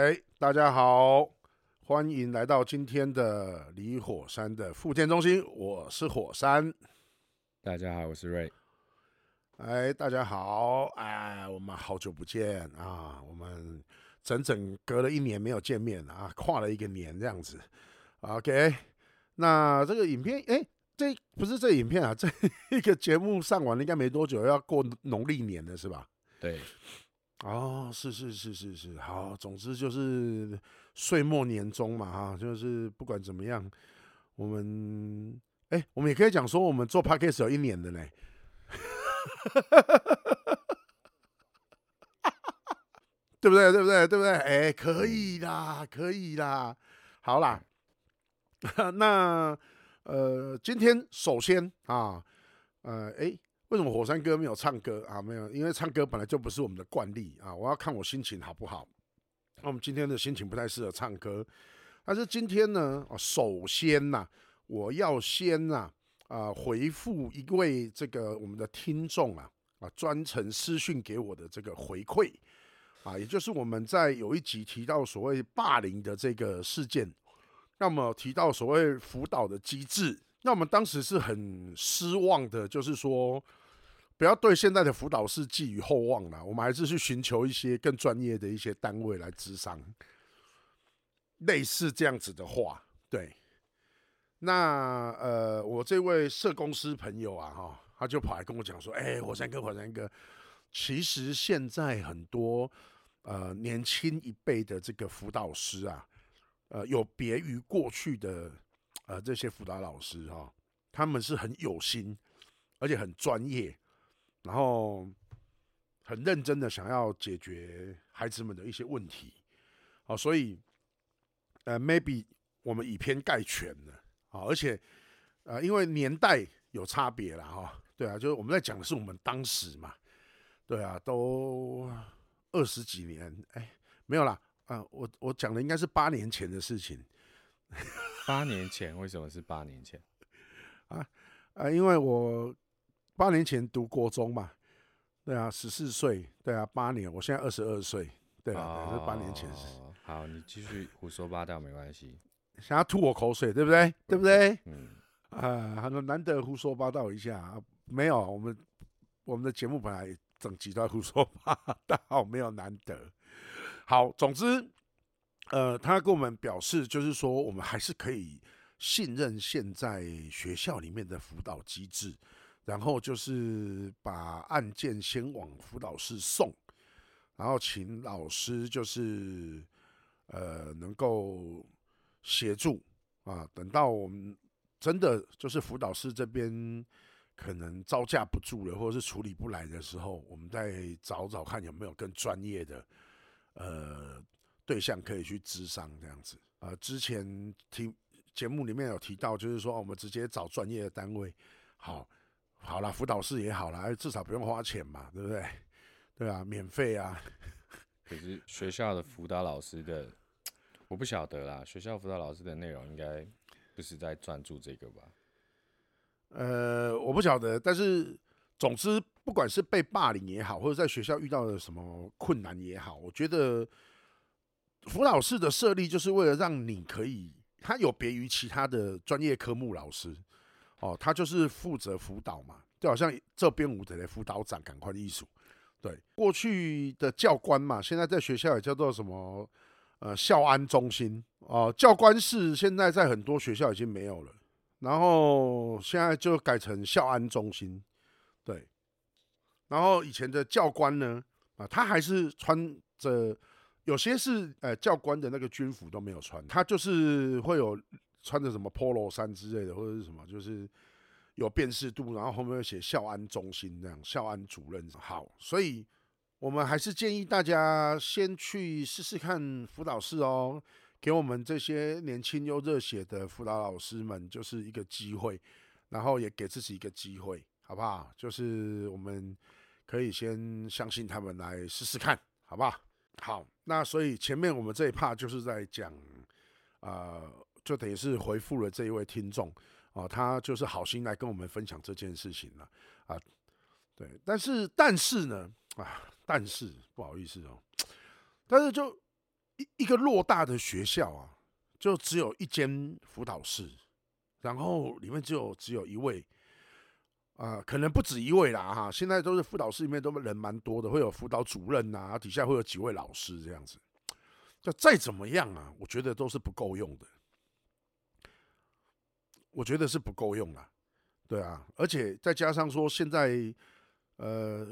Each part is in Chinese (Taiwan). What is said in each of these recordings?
哎，大家好，歡迎來到今天的李火山的腹賤中心。我是火山，大家好，我是 Ray。哎，大家好，哎，我們好久不見啊，我們整整隔了一年沒有見面了啊，跨了一個年這樣子。OK，那這個影片，哎，這不是這影片啊，這一個節目上完了應該沒多久要過農曆年了，是吧？對。哦、oh，是是是是是，好，總之就是歲末年終嘛，哈、啊，就是不管怎麼樣，我們，哎、欸，我們也可以講說，我們做 podcast 有一年的嘞，對不對？對不對？對不對？哎，可以啦，可以啦，好啦， 那，呃，今天首先啊，呃，哎、欸。為什麼火山哥沒有唱歌啊？沒有，因為唱歌本來就不是我們的慣例啊。我要看我心情好不好。那我們今天的心情不太適合唱歌。但是今天呢，啊、首先呢、啊，我要先呢、啊，啊，回復一位這個我們的聽眾啊，啊，專程私訊給我的這個回饋，啊，也就是我們在有一集提到所謂霸凌的這個事件，那麼提到所謂輔導的機制，那我們當時是很失望的，就是說。不要對現在的輔導師寄予厚望啦，我們還是去尋求一些更專業的一些單位來谘商。類似這樣子的話，對。那呃，我這位社工師朋友啊，哈、哦，他就跑來跟我講說：“哎、欸，火山哥，火山哥，其實現在很多呃年輕一輩的這個輔導師啊，呃，有別於過去的呃這些輔導老師哈、哦，他們是很有心，而且很專業。”然後很認真的想要解決孩子們的一些問題，哦，所以呃，maybe 我們以偏概全了，啊，而且呃，因為年代有差別了哈，對啊，就是我們在講的是我們當時嘛，對啊，都二十幾年，哎，沒有啦，啊，我我講的應該是八年前的事情，八年前，為什麼是八年前？ 啊啊、呃，因為我。八年前讀國中嘛，對啊，十四歲，對啊，八年，我現在二十二歲，對啊，哦、對，這八年前。好，你繼續胡說八道沒關係，想要吐我口水對不對？對不對？嗯，啊，嗯呃、難得胡說八道一下，沒有，我們我們的節目本來整集都在胡說八道，沒有難得。好，總之，呃，他跟我們表示就是說，我們還是可以信任現在學校裡面的輔導機制。然後就是把案件先往輔導室送，然後請老師就是呃能夠協助啊。等到我們真的就是輔導室這邊可能招架不住了，或者是處理不來的時候，我們再找找看有沒有更專業的呃對象可以去諮商這樣子。呃、啊，之前聽節目裡面有提到，就是說、哦、我們直接找專業的單位好。好啦，輔導室也好啦，至少不用花錢嘛，對不對？對啊，免費啊。可是學校的輔導老師的，我不曉得啦，學校輔導老師的內容應該不是在專注這個吧？呃，我不曉得，但是總之，不管是被霸凌也好，或者在學校遇到了什麼困難也好，我覺得輔導室的設立就是為了讓你可以，它有別於其他的專業科目老師。哦，他就是負責輔導嘛，就好像這邊舞台的輔導長，趕快的意思，對，過去的教官嘛，現在在學校也叫做什麼，呃，校安中心哦、呃，教官室現在在很多學校已經沒有了，然後現在就改成校安中心，對，然後以前的教官呢，啊、呃，他還是穿着有些是呃教官的那個軍服都沒有穿，他就是會有。穿着什麼 Polo 衫之類的，或者是什麼，就是有辨識度，然後後面又寫校安中心這樣，校安主任好，所以我們還是建議大家先去試試看輔導室哦，給我們這些年輕又熱血的輔導老師們就是一個機會，然後也給自己一個機會，好不好？就是我們可以先相信他們來試試看，好不好？好，那所以前面我們這一趴就是在講，呃。就等於是回復了這一位聽眾，啊，他就是好心來跟我們分享這件事情了，啊，啊，對，但是但是呢，啊，但是不好意思哦，但是就一一個偌大的學校啊，就只有一間輔導室，然後裡面只有只有一位，啊，可能不止一位啦，哈，啊，現在都是輔導室裡面都人蠻多的，會有輔導主任啊，底下會有幾位老師這樣子，就再怎麼樣啊，我覺得都是不夠用的。我覺得是不夠用了，對啊，而且再加上說，現在呃，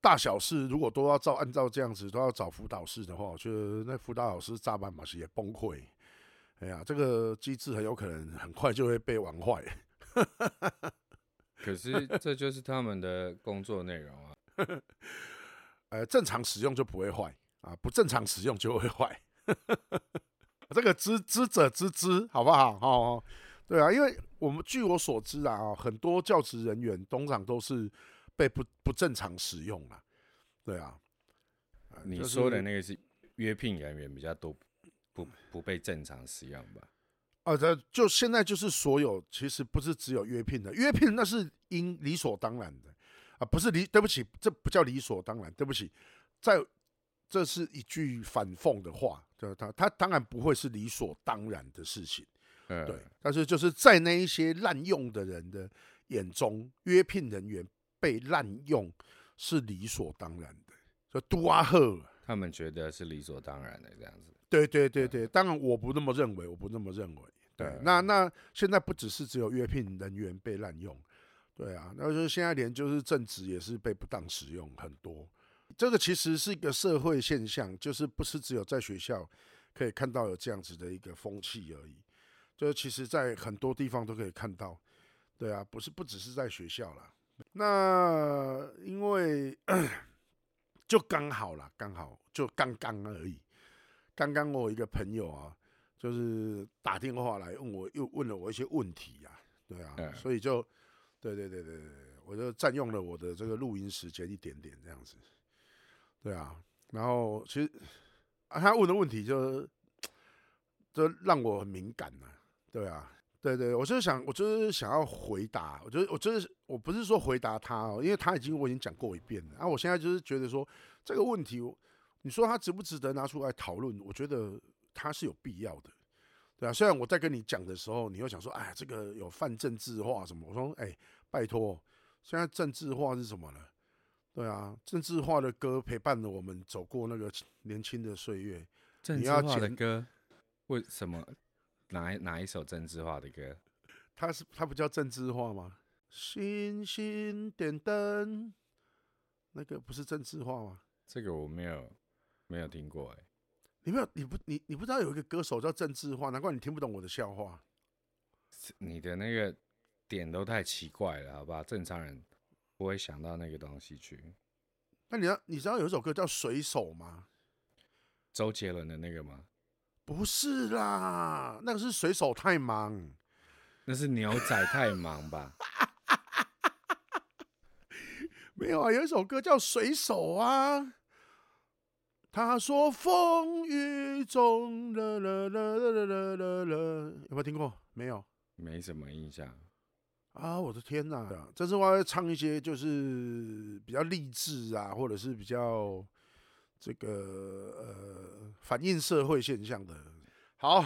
大小事如果都要照按照這樣子都要找輔導室的話，我覺得那輔導老師加班嘛是也崩潰。哎呀、啊，這個機制很有可能很快就會被玩壞。可是這就是他們的工作內容啊、 呃。正常使用就不會壞啊，不正常使用就會壞。 這個知知者知之，好不好？好好好對啊，因為我們據我所知啊，很多教職人員通常都是被不不正常使用了。對啊，你說的那個是約聘人員比較多不，不不被正常使用吧？啊，這，就現在就是所有，其實不是只有約聘的，約聘那是應理所當然的啊，不是理，對不起，這不叫理所當然，對不起，在這是一句反諷的話，就是他他當然不會是理所當然的事情。嗯、對，但是就是在那一些濫用的人的眼中，約聘人員被濫用是理所當然的。就杜阿赫，他們覺得是理所當然的這樣子。對對對對，嗯、當然我不那麽認為，我不那麽認為。對，嗯、那那現在不只是只有約聘人員被濫用，對啊，那就是現在連就是政治也是被不當使用很多。這個其實是一個社會現象，就是不是只有在學校可以看到有這樣子的一個風氣而已。就其實，在很多地方都可以看到，對啊，不是不只是在學校了。那因為就剛好了，剛好就剛剛而已。剛剛我一個朋友啊，就是打電話來問我，又問了我一些問題啊。對啊，欸、所以就對對對對對，我就占用了我的這個錄音時間一點點這樣子，對啊。然後其實、啊、他問的問題就，就是這讓我很敏感啊。對啊，對對，我就是想，我就是想要回答，我覺得，我就是我不是說回答他哦，因為他已經我已經講過一遍了。啊，我現在就是覺得說，這個問題，你說他值不值得拿出來討論？我覺得他是有必要的，對啊，雖然我在跟你講的時候，你又想說，哎，這個有泛政治化什麼？我說，哎，拜托，現在政治化是什麼呢？對啊，政治化的歌陪伴了我們走過那個年輕的歲月，你要化歌，為什麼？哪一哪一首鄭智化的歌？他是他不叫鄭智化嗎？星星點燈，那個不是鄭智化嗎？這個我沒有沒有聽過哎。你沒有？你不你你不知道有一個歌手叫鄭智化？難怪你聽不懂我的笑話。你的那個點都太奇怪了，好吧？正常人不會想到那個東西去。那你知道你知道有一首歌叫《水手》嗎？周杰倫的那個嗎？不是啦，那個是水手太忙，那是牛仔太忙吧？ 沒有啊，有一首歌叫《水手》啊。他說：“風雨中了了了了了了，有沒有聽過？沒有，沒什麼印象啊。我的天哪、啊！啊、這是我要唱一些就是比較勵志啊，或者是比較……這個呃，反映社會現象的，好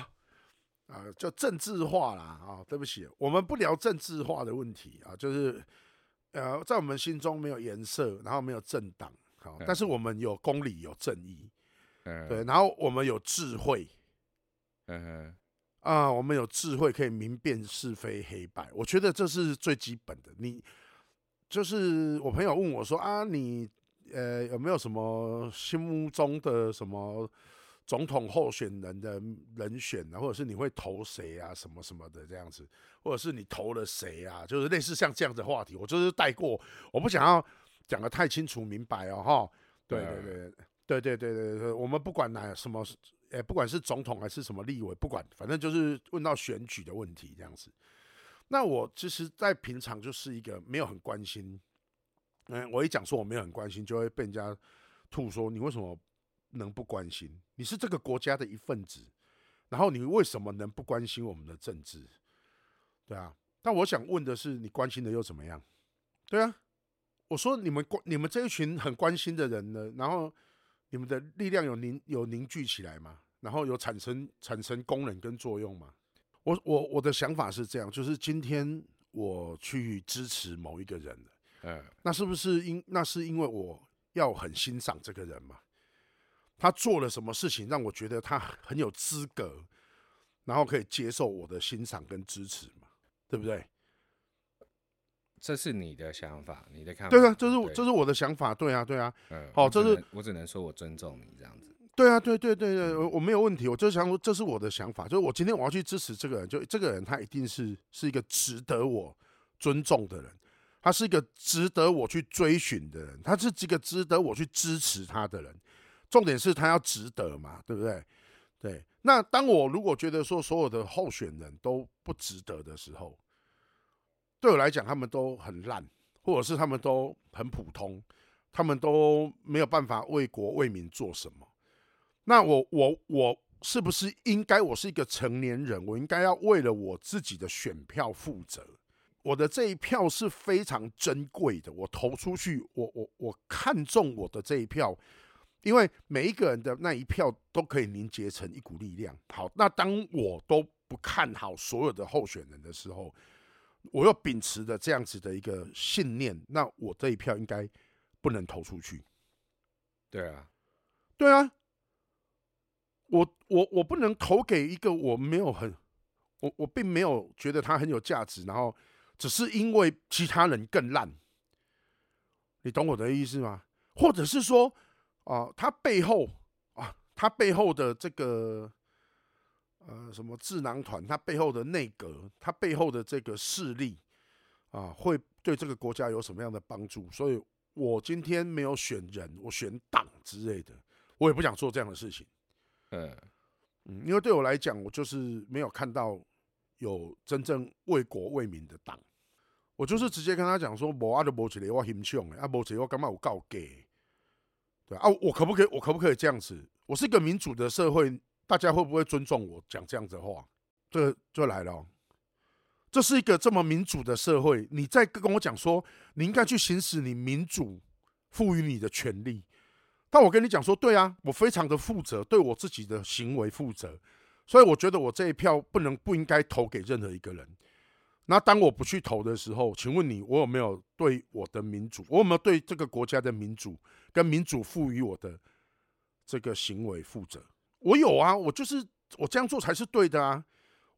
啊，叫、呃、政治化啦，啊、哦！對不起，我們不聊政治化的問題啊，就是呃，在我們心中沒有顏色，然後沒有政黨，好，但是我們有公理，有正義，嗯、對，然後我們有智慧，嗯、哼啊，我們有智慧可以明辨是非黑白，我覺得這是最基本的。你就是我朋友問我說啊，你。呃、欸，有沒有什麼心目中的什麼總統候選人的人選啊？或者是你會投誰啊？什麼什麼的這樣子，或者是你投了誰啊？就是類似像這樣的話題，我就是帶過，我不想要講得太清楚明白哦，哈。對對對對、啊、對對對，我們不管哪什麼，呃、欸，不管是總統還是什麼立委，不管，反正就是問到選舉的問題這樣子。那我其實，在平常就是一個沒有很關心。嗯、欸，我一講說我沒有很關心，就會被人家吐說，你為什麼能不關心？你是這個國家的一份子，然後你為什麼能不關心我們的政治？對啊，但我想問的是，你關心的又怎麼樣？對啊，我說你們關，你們這一群很關心的人呢，然後你們的力量有凝有凝聚起來嗎？然後有產生產生功能跟作用嗎？我我我的想法是這樣，就是今天我去支持某一個人了。嗯，那是不是因那是因為我要很欣賞這個人嘛？他做了什麼事情讓我覺得他很有資格，然後可以接受我的欣賞跟支持嘛？對不對？這是你的想法，你的看法，對啊，這是我對這是我的想法，對啊，對啊，嗯，好、哦，這是我只，我只能說我尊重你這樣子，對啊，對對對對，對，對，嗯、我沒有問題，我就是想說這是我的想法，就是我今天我要去支持這個人，就這個人他一定是是一個值得我尊重的人。他是一個值得我去追尋的人，他是一個值得我去支持他的人。重點是他要值得嘛，對不對？對。那當我如果覺得說所有的候選人都不值得的時候，對我來講，他們都很爛，或者是他們都很普通，他們都沒有辦法為國為民做什麼。那我我我是不是應該？我是一個成年人，我應該要為了我自己的選票負責。我的這一票是非常珍貴的，我投出去，我我我看中我的這一票，因為每一個人的那一票都可以凝結成一股力量。好，那當我都不看好所有的候選人的時候，我要秉持著這樣子的一個信念，那我這一票應該不能投出去。對啊，對啊，我我我不能投給一個我沒有很，我我並沒有覺得他很有價值，然後。只是因為其他人更爛，你懂我的意思嗎？或者是說，啊、呃，他背後啊，他背後的這個，呃，什麼智囊團，他背後的內閣，他背後的這個勢力，啊，會對這個國家有什麼樣的幫助？所以，我今天沒有選人，我選黨之類的，我也不想做這樣的事情。嗯，因為對我來講，我就是沒有看到有真正為國為民的黨。我就是直接跟他講說，無阿就無錢，我很窮的，阿無錢我幹嘛我告給？對啊，我可不可以，我可不可以這樣子？我是一個民主的社會，大家會不會尊重我講這樣子的話？這個就來了。這是一個這麼民主的社會，你再跟我講說，你應該去行使你民主賦予你的權利。但我跟你講說，對啊，我非常的負責，對我自己的行為負責，所以我覺得我這一票不能不應該投給任何一個人。那當我不去投的時候，請問你，我有沒有對我的民主？我有沒有對這個國家的民主跟民主賦予我的這個行為負責？我有啊，我就是，我這樣做才是對的啊！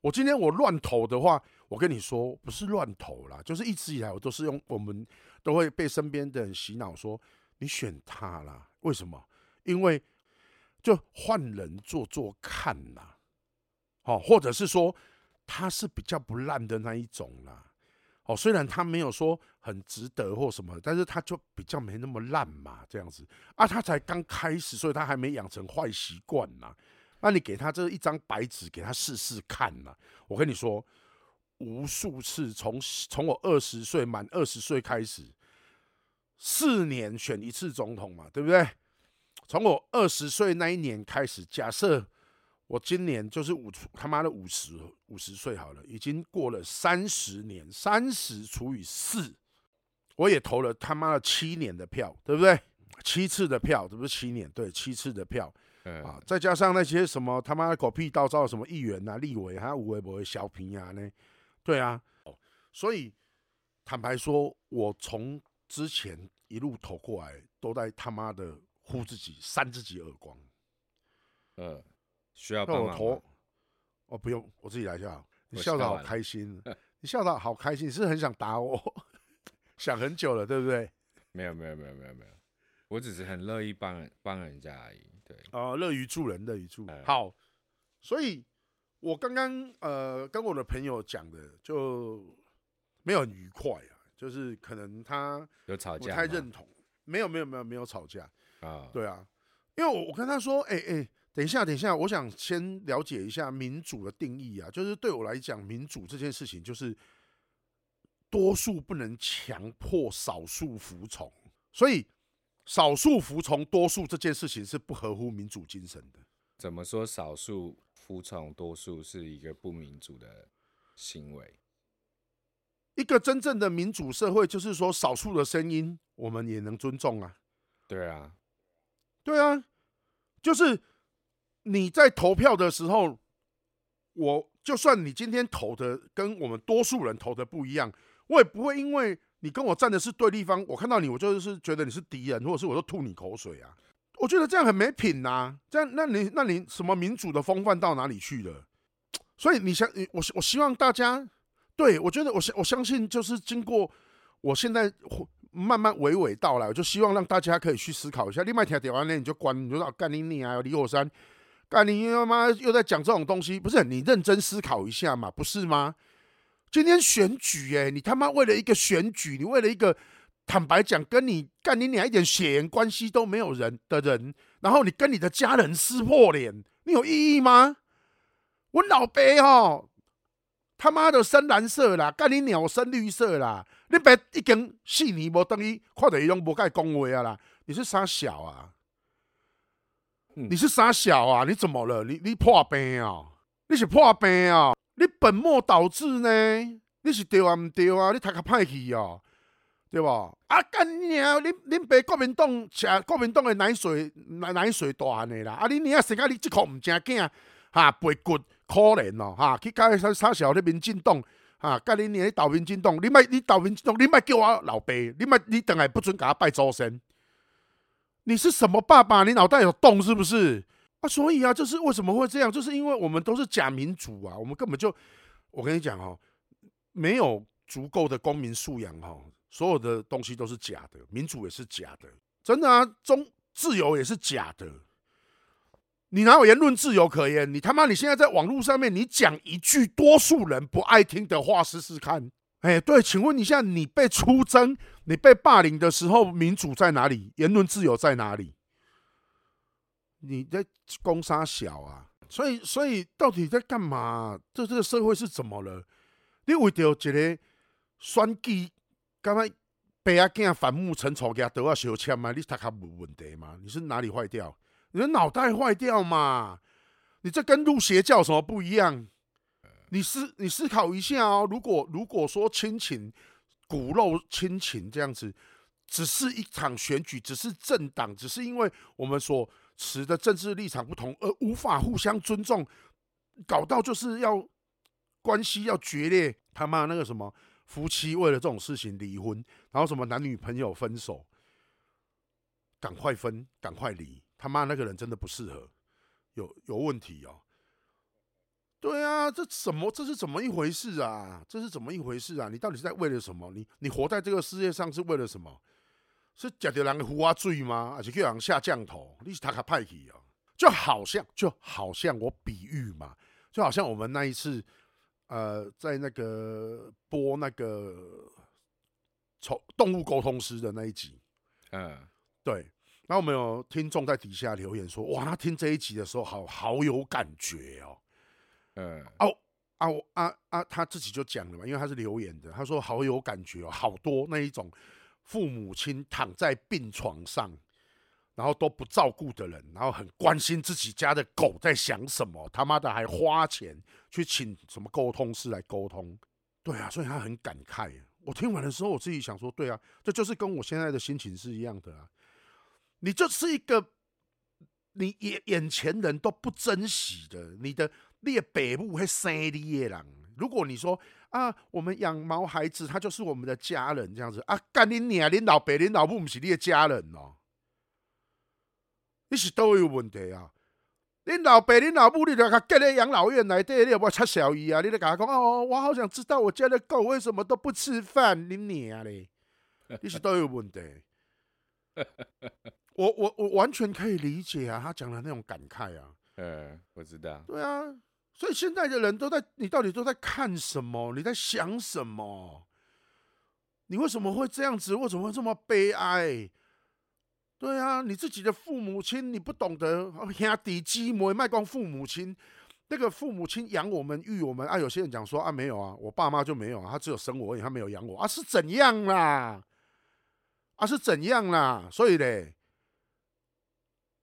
我今天我亂投的話，我跟你說，不是亂投啦，就是一直以來我都是用，我們都會被身邊的人洗腦說，你選他啦，為什麼？因為就換人做做看啦。好、哦，或者是說。他是比較不爛的那一種啦，哦，雖然他沒有說很值得或什麼，但是他就比較沒那麼爛嘛，這樣子。啊，他才剛開始，所以他還沒養成壞習慣嘛。那你給他這一張白紙，給他試試看嘛。我跟你說，無數次從從我二十歲滿二十歲開始，四年選一次總統嘛，對不對？從我二十歲那一年開始，假設。我今年就是五他媽的五十五十歲好了，已經過了三十年，三十除以四，我也投了他媽的七年的票，對不對？七次的票，這、就、不是七年，對，七次的票，嗯、啊，再加上那些什麼他媽的狗屁倒灶什麼議員啊、立委啊、我也為會的小平牙呢，對啊，所以坦白說，我從之前一路投過來，都在他媽的呼自己扇自己耳光，嗯。需要幫我拖？哦、oh，不用，我自己來就好。你笑得好開心，笑 你笑得好，好開心，你是很想打我， 想很久了，對不對？沒有，沒有，沒有，沒有，沒有。我只是很樂意幫人幫人家而已。對。哦、呃，樂於助人，樂於助人。哎、呦好。所以，我剛剛呃跟我的朋友講的就沒有很愉快啊，就是可能他有吵架，我不太認同。有沒有，沒有，沒有，沒有吵架啊。哦、對啊，因為我我跟他說，哎、欸、哎。欸等一下，等一下，我想先了解一下民主的定義啊。就是對我來講，民主這件事情就是多數不能強迫少數服從，所以少數服從多數這件事情是不合乎民主精神的。怎麼說？少數服從多數是一個不民主的行為？一個真正的民主社會，就是說少數的聲音我們也能尊重啊。對啊，對啊，就是。你在投票的時候，我就算你今天投的跟我們多數人投的不一樣，我也不會因為你跟我站的是對立方，我看到你，我就是覺得你是敵人，或者是我就吐你口水啊！我覺得這樣很沒品吶、啊，這樣那你那你什麼民主的風範到哪裡去了？所以你相，我我希望大家對我覺得我相我相信就是經過我現在慢慢娓娓道來，我就希望讓大家可以去思考一下。另外一條點完咧，你就管，你就到干妮妮啊、李火山，幹你他媽又在講這種東西，不是你認真思考一下嘛，不是嗎？今天選舉、欸，哎，你他媽為了一個選舉，你為了一個，坦白講，跟你幹你娘一點血緣關係都沒有人的人，然後你跟你的家人撕破臉，你有意義嗎？我老爸哦，他媽的深藍色啦，幹你娘深綠色啦，你爸一根細泥，我等於看著用攏無解講話啊啦，你是啥小啊？嗯、你是啥小啊？你怎麼了？你你破病哦，你是破病哦，你本末倒置呢？你是對啊毋對啊？你讀甲歹去哦，對無啊，幹你恁恁爸國民黨吃國民黨誒奶水，奶奶水大漢誒啦！啊，恁娘生你生甲，啊啊啊啊，你即箍毋正經？哈，背骨可憐哦！哈，去甲伊啥啥小咧民進黨啊？甲你你投民進黨，你賣你投民進黨，你賣叫我老爸，你賣你倒來不准甲我拜祖先。你是什麼爸爸？你腦袋有洞是不是？啊，所以啊，就是為什麼會這樣？就是因為我們都是假民主啊，我們根本就……我跟你講喔，沒有足夠的公民素養喔，所有的東西都是假的，民主也是假的，真的啊，中自由也是假的。你哪有言論自由可言？你他媽！你現在在網絡上面，你講一句多數人不愛聽的話，試試看。哎、欸，對，請問一下，你被出征，你被霸凌的時候，民主在哪裡，言論自由在哪裡？你在公殺小啊，所以所以到底在幹嘛？這這個社會是怎麼了？你為着一個算計，幹嘛被阿囝反目成仇，他都要相簽嘛？你他他無問題嗎？你是哪裡壞掉？你的腦袋壞掉嘛？你這跟入邪教有什麼不一樣？你思你思考一下哦，如果如果說親情、骨肉親情這樣子，只是一場選舉，只是政黨，只是因為我們所持的政治立場不同，而無法互相尊重，搞到就是要關係要決裂，他媽那個什麼夫妻為了這種事情離婚，然後什麼男女朋友分手，趕快分，趕快離，他媽那個人真的不適合，有有問題哦。對啊，這怎麼這是怎麼一回事啊？這是怎麼一回事啊？你到底是在為了什麼？你你活在這個世界上是為了什麼？是賈德蘭的胡話罪嗎？而且又想下降頭，你是他卡派去哦，就好像就好像我比喻嘛，就好像我們那一次呃，在那個播那個寵動物溝通師的那一集，嗯，對，然後我們有聽眾在底下留言說，哇，他聽這一集的時候，好好有感覺哦。嗯，哦、啊，啊，啊啊，他自己就講了嘛，因為他是留言的，他說好有感覺哦，好多那一種父母親躺在病床上，然後都不照顧的人，然後很關心自己家的狗在想什麼，他媽的還花錢去請什麼溝通師來溝通，對啊，所以他很感慨。我聽完的時候，我自己想說，對啊，這就是跟我現在的心情是一樣的啊。你就是一個你眼眼前人都不珍惜的，你的。你的北部會、那個，生你的人。如果你說啊，我們養毛孩子，他就是我們的家人，這樣子啊，幹你娘，你老爸你老母不，是你的家人咯、喔？你是都有問題啊！你老爸你老母，你都去隔咧養老院內底，你又不擦小姨啊！你來甲講啊，我好想知道我家的狗為什麼都不吃飯？你娘啊嘞？你是都有問題。 我我我完全可以理解啊，他講的那種感慨啊。呃、嗯，我知道。對啊。所以現在的人都在，你到底都在看什麼？你在想什麼？你為什麼會這樣子？為什麼會這麼悲哀？對啊，你自己的父母親，你不懂得壓底積末賣光父母親，那個父母親養我們、育我們。啊，有些人講說啊，沒有啊，我爸媽就沒有啊，他只有生我而已，他沒有養我啊，是怎樣啦？啊，是怎樣啦？所以嘞。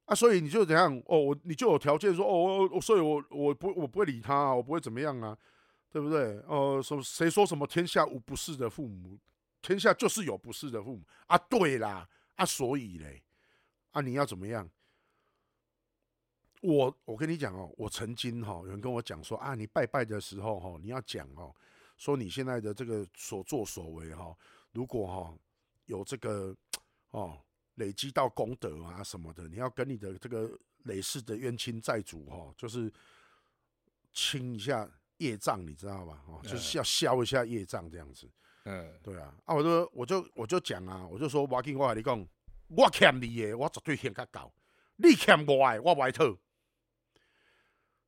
啊，所以你就怎樣？哦，我你就有條件說，哦，所以我，我我不我不會理他啊，我不會怎麼樣啊，對不對？呃，說誰說什麼天下無不是的父母，天下就是有不是的父母啊，對啦，啊，所以嘞，啊，你要怎麼樣？我我跟你講哦，我曾經哈，有人跟我講說啊，你拜拜的時候哈，你要講哦，說你現在的這個所作所為哈，如果哈，有這個哦。累積到功德啊什麼的，你要跟你的這個累世的冤親債主哈，就是清一下業障，你知道吧？哦，就是要消一下業障這樣子。嗯，呃、對啊。啊，我就我就，我就講啊，我就說，我跟你講，我欠你的，我絕對先交。你欠我的，我外透。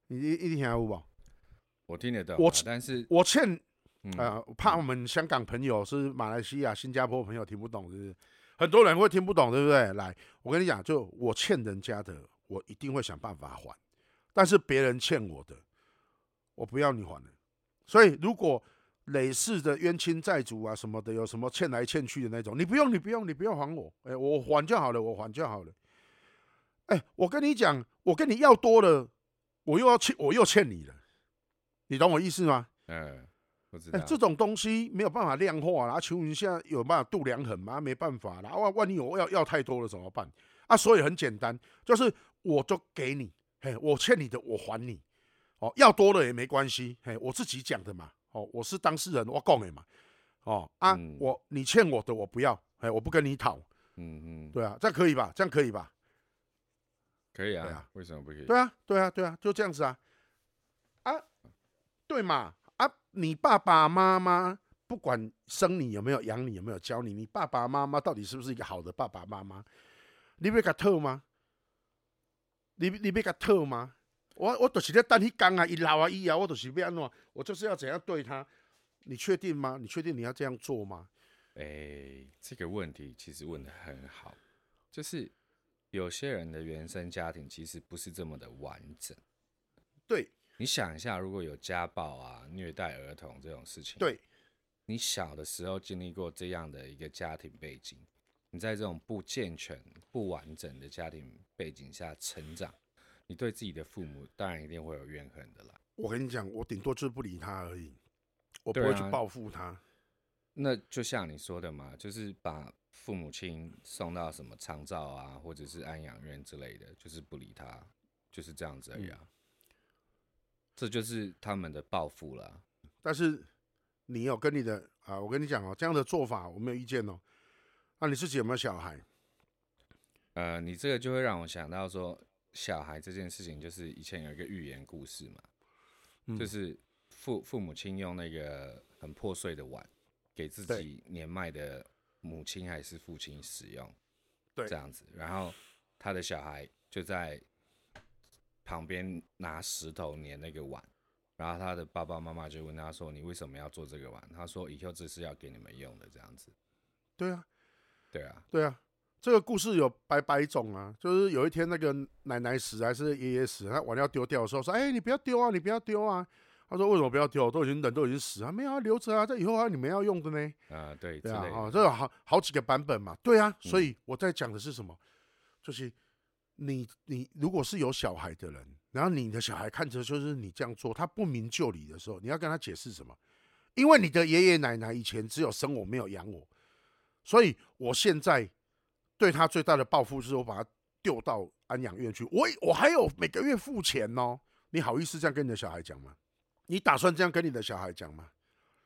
你一定聽得到有有我聽得到、啊。我但是，我欠啊是、呃，怕我們香港朋友是馬來西亞、新加坡朋友聽不懂，是。很多人會聽不懂，對不對？來，我跟你講，就我欠人家的，我一定會想辦法還；但是別人欠我的，我不要你還了。所以，如果累世的冤親債主啊什麼的，有什麼欠來欠去的那種，你不用，你不用，你不用還我。哎、欸，我還就好了，我還就好了。哎、欸，我跟你講，我跟你要多了，我又要欠，我又欠你了，你懂我意思嗎？嗯。欸、這種東西沒有辦法量化啦。啊、請問一下，有辦法度量衡嗎、啊？沒辦法，然後萬一我要要太多了怎麼辦？啊，所以很簡單，就是我就給你，嘿、欸，我欠你的我還你，哦，要多了也沒關係，嘿、欸，我自己講的嘛，哦，我是當事人，我講的嘛，哦啊，哦嗯、我你欠我的我不要，哎、欸，我不跟你討，嗯哼對啊，這樣可以吧？這樣可以吧？可以啊，啊為什麼不可以？對啊對啊對啊，對啊，就這樣子啊，啊，對嘛。你爸爸媽媽不管生你有沒有養你有沒有教你，你爸爸媽媽到底是不是一個好的爸爸媽媽？你沒給他透嗎？你你沒給他透嗎？我我都是在等你講啊，一老啊，以啊，我都是要安怎樣？我就是要怎樣對他？你確定嗎？你確定你要這樣做嗎？哎、欸，這個問題其實問得很好，就是有些人的原生家庭其實不是這麼的完整。對。你想一下，如果有家暴啊、虐待兒童這種事情。對你小的時候經歷過這樣的一個家庭背景，你在這種不健全、不完整的家庭背景下成長，你對自己的父母當然一定會有怨恨的啦。我跟你講，我頂多就是不理他而已，我不會去報復他。對啊。那就像你說的嘛，就是把父母親送到什麼長照啊，或者是安養院之類的，就是不理他，就是這樣子而已。啊。嗯這就是他們的抱負了。但是，你有跟你的啊？我跟你講哦，這樣的做法我沒有意見哦。那、啊、你自己有沒有小孩？呃，你這個就會讓我想到說，小孩這件事情，就是以前有一個寓言故事嘛，嗯、就是父父母親用那個很破碎的碗，給自己年邁的母親還是父親使用，對，這樣子，然後他的小孩就在。旁邊拿石頭黏那個碗，然後他的爸爸媽媽就問他說：“你為什麼要做這個碗？”他說：“以後這是要給你們用的，這樣子。”對啊，對啊，對啊，這個故事有百百種啊。就是有一天那個奶奶死還是爺爺死，那碗要丟掉的時候說：“哎、欸，你不要丟啊，你不要丟啊。”他說：“為什麼不要丟？都已經人都已經死啊，沒有、啊、留着啊，這以後還有、啊、你們要用的呢。”啊、呃，對，然啊、啊。這有好好幾個版本嘛。對啊，所以我在講的是什麼？嗯、就是。你你如果是有小孩的人，然後你的小孩看着就是你這樣做，他不明就裡的時候，你要跟他解釋什麼？因為你的爺爺奶奶以前只有生我沒有養我，所以我現在對他最大的報復是我把他丟到安養院去。我我還有每個月付錢哦、喔。你好意思這樣跟你的小孩講嗎？你打算這樣跟你的小孩講嗎？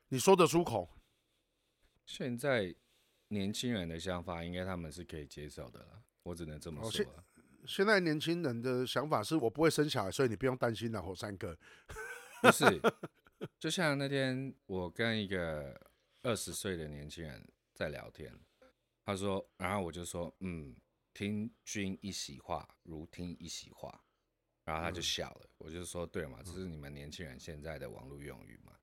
你說得出口？現在年輕人的想法，應該他們是可以接受的了。我只能這麼說啊。哦現在年輕人的想法是我不會生小孩，所以你不用擔心了、啊，火山哥。 不是，就像那天我跟一個二十歲的年輕人在聊天，他說，然後我就說，嗯，聽君一席話，如聽一席話，然後他就笑了。嗯、我就說，對嘛，這是你們年輕人現在的網絡用語嘛。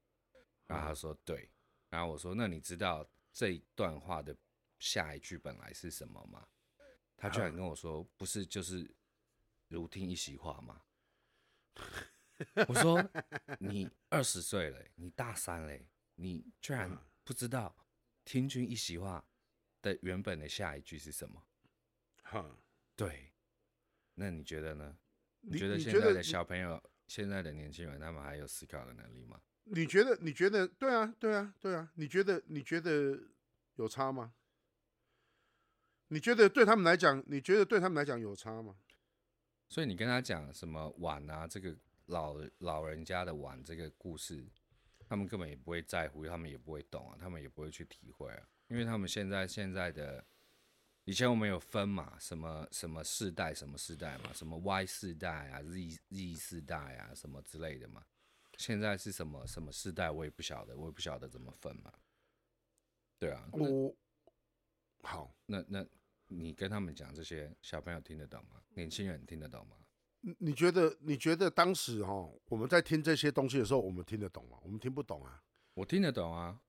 然後他說對，然後我說，那你知道這一段話的下一句本來是什麼嗎？他居然跟我說：“不是就是，如聽一席話嗎？” 我說：“你二十歲了、欸，你大三了、欸，你居然不知道‘聽君一席話’的原本的下一句是什麼？”哈， 對。那你覺得呢？你，你覺得現在的小朋友，你現在的年輕人，他們還有思考的能力嗎？你覺得？你覺得？對啊，對啊，對啊。你覺得？你覺得有差嗎？你覺得對他們來講，你覺得對他們來講有差嗎？所以你跟他講什麼碗啊，這個老老人家的碗這個故事，他們根本也不會在乎，他們也不會懂啊，他們也不會去體會啊，因為他們現在現在的，以前我們有分嘛，什麼什麼世代，什麼世代嘛，什麼 Y 世代啊，Z Z 世代啊，什麼之類的嘛，現在是什麼什麼世代，我也不曉得，我也不曉得怎麼分嘛。對啊，我好，那那。那你跟他們講這些，小朋友聽得懂嗎？年輕人聽得懂嗎？你覺得？你覺得當時哈，我們在聽這些東西的時候，我們聽得懂嗎？我們聽不懂啊。我聽得懂啊。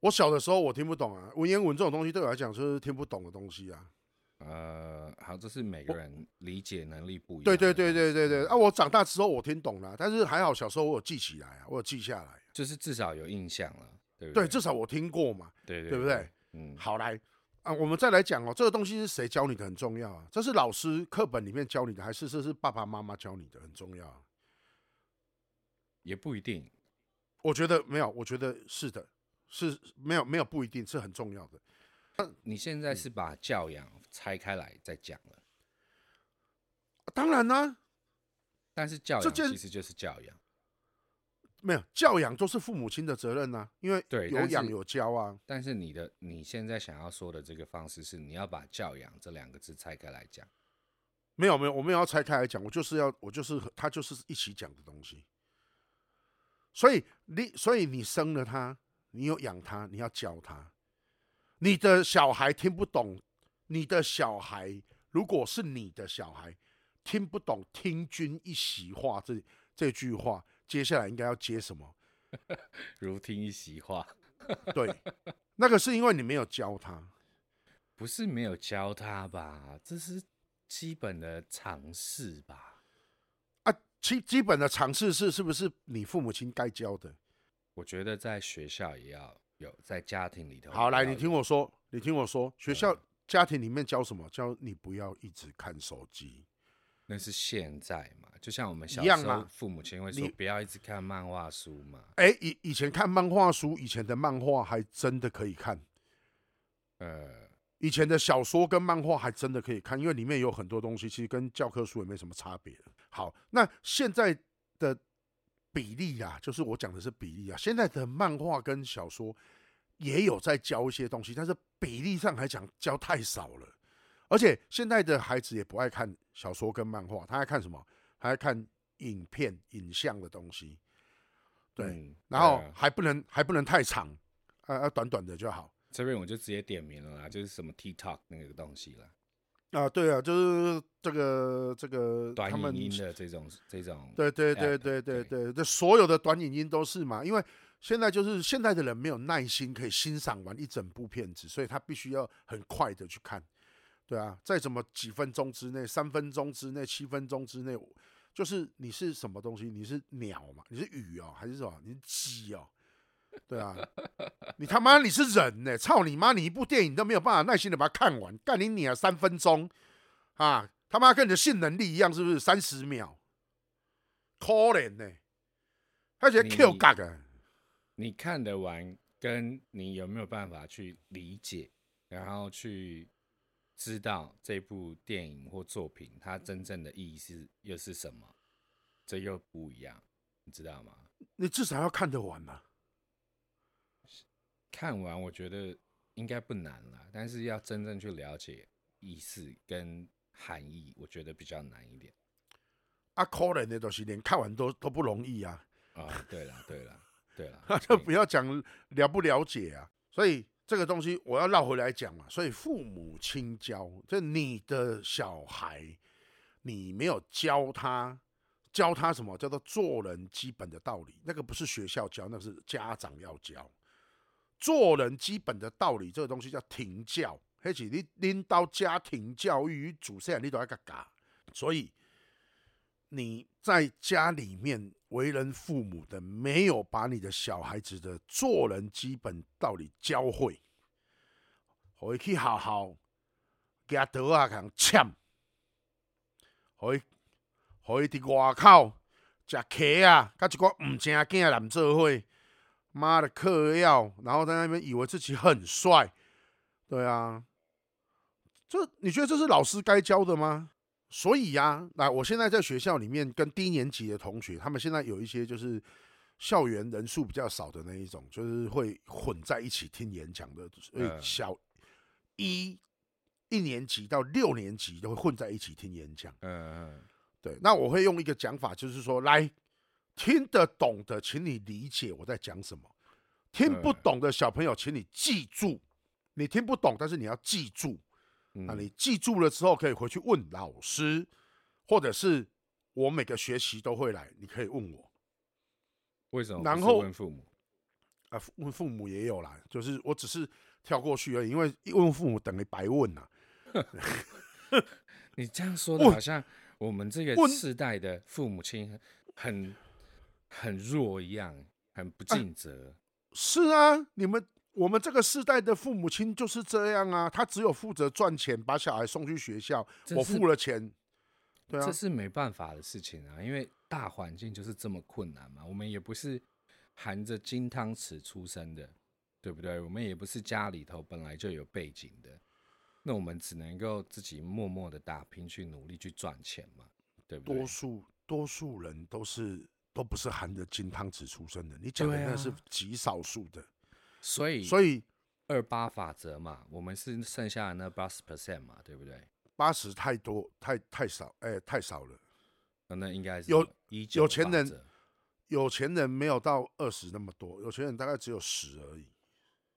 我小的時候我聽不懂啊，文言文這種東西對我來講就是聽不懂的東西啊。呃，好，這是每個人理解能力不一樣啊。對對對對對對。啊，我長大之後我聽懂了，但是還好，小時候我有記起來啊，我有記下來啊，就是至少有印象了。對，對，對，至少我聽過嘛。對，對，對，對不對？嗯，好來。啊，我們再來講哦，這個東西是誰教你的很重要啊。這是老師課本裡面教你的，還是這是爸爸媽媽教你的，很重要啊。也不一定。我覺得沒有，我覺得是的，是沒有沒有不一定是很重要的。那你現在是把教養，嗯，拆開來再講了，啊，當然啦，啊，但是教養其實就是教養。沒有教養都是父母親的責任啊，因為有養有教啊，但。但是你的，你現在想要說的這個方式是，你要把教養這兩個字拆開來講。沒有沒有，我沒有要拆開來講，我就是要，我就是他就是一起講的東西。所以你，所以你生了他，你有養他，你要教他。你的小孩聽不懂，你的小孩如果是你的小孩聽不懂“聽君一席話”這這句話，接下來應該要接什麼？呵呵，如聽一席話， 對，那個是因為你沒有教他，不是沒有教他吧？這是基本的常識吧？啊，基基本的常識是是不是你父母親該教的？我覺得在學校也要有，在家庭裡頭。好，來，你聽我說，你聽我說，學校家庭裡面教什麼？教你不要一直看手機。那是現在嘛？就像我們小時候，父母親會說不要一直看漫畫書嘛。哎，以、欸、以前看漫畫書，以前的漫畫還真的可以看。呃，以前的小說跟漫畫還真的可以看，因為裡面有很多東西，其實跟教科書也沒什麼差別。好，那現在的比例啊，就是我講的是比例啊。現在的漫畫跟小說也有在教一些東西，但是比例上還講教太少了。而且現在的孩子也不愛看小說跟漫畫，他愛看什麼？他愛看影片、影像的東西。對，嗯、然後還不能、啊、還不能太長，呃、啊、呃，短短的就好。這邊我就直接點名了啦，就是什麼 TikTok 那個東西了。啊，對啊，就是這個這個短影音的這種這種，對，對對對對對對，這、啊、所有的短影音都是嘛，因為現在就是現在的人沒有耐心可以欣賞完一整部片子，所以他必須要很快的去看。對啊，再怎麼幾分鐘之內，三分鐘之內，七分鐘之內，就是你是什麼東西？你是鳥嘛？你是魚啊、喔？還是什麼？你是雞啊、喔？對啊， 你他媽你是人呢、欸？操你媽！你一部電影都沒有辦法耐心的把它看完，幹你娘，三分鐘啊！他媽跟你的性能力一樣，是不是？三十秒，可憐呢、欸。他覺得 Q 嘎的。你看得完，跟你有沒有辦法去理解，然後去。知道這部電影或作品它真正的意思又是什麼，這又不一樣，你知道嗎？你至少要看得完嘛？看完我覺得應該不難啦，但是要真正去了解意思跟含義，我覺得比較難一點。啊，可能那都是連看完都都不容易啊！啊，對了，對了，對了，就不要講了不了解啊，所以。這個東西我要繞回來講嘛，所以父母親教，這你的小孩，你沒有教他，教他什麼叫做做人基本的道理？那個不是學校教，那個是家長要教。做人基本的道理，這個東西叫停教，而且你拎到家，家庭教育與主線你都要加。所以你在家裡面。為人父母的沒有把你的小孩子的做人基本道理教會，可以好好加刀啊，給人切，可以可以在外口吃客啊，甲一個毋正經的男生約會，媽的嗑藥，然後在那邊以為自己很帥，對啊，這你覺得這是老師該教的嗎？所以呀、啊，那我現在在學校裡面跟低年級的同學，他們現在有一些就是校園人數比較少的那一種，就是會混在一起聽演講的。所以小一一年級到六年級都會混在一起聽演講。嗯嗯，對。那我會用一個講法，就是說，來聽得懂的，請你理解我在講什麼；聽不懂的小朋友，請你記住，你聽不懂，但是你要記住。那、嗯啊、你記住了之後，可以回去問老師，或者是我每個學期都會來，你可以問我。為什麼？然後問父母啊？問父母也有啦，就是我只是跳過去而已，因為一問父母等於白問吶。你這樣說的好像我們這個時代的父母親很問很弱一樣，很不盡責、啊。是啊，你們。我們這個世代的父母親就是這樣啊，他只有負責賺錢，把小孩送去學校，是我付了錢，對啊，這是沒辦法的事情啊，因為大環境就是這麼困難嘛。我們也不是含着金湯匙出生的，對不對？我們也不是家裡頭本來就有背景的，那我們只能夠自己默默的打拼，去努力，去賺錢嘛，對不對？多數多數人都是都不是含着金湯匙出生的，你講的那是極少數的。所以，所以二八法則嘛，我們是剩下的那八十 percent 嘛，對不對？八十太多，太太少，哎、欸，太少了。那，那應該是有有錢人，有錢人沒有到二十那麼多，有錢人大概只有十而已。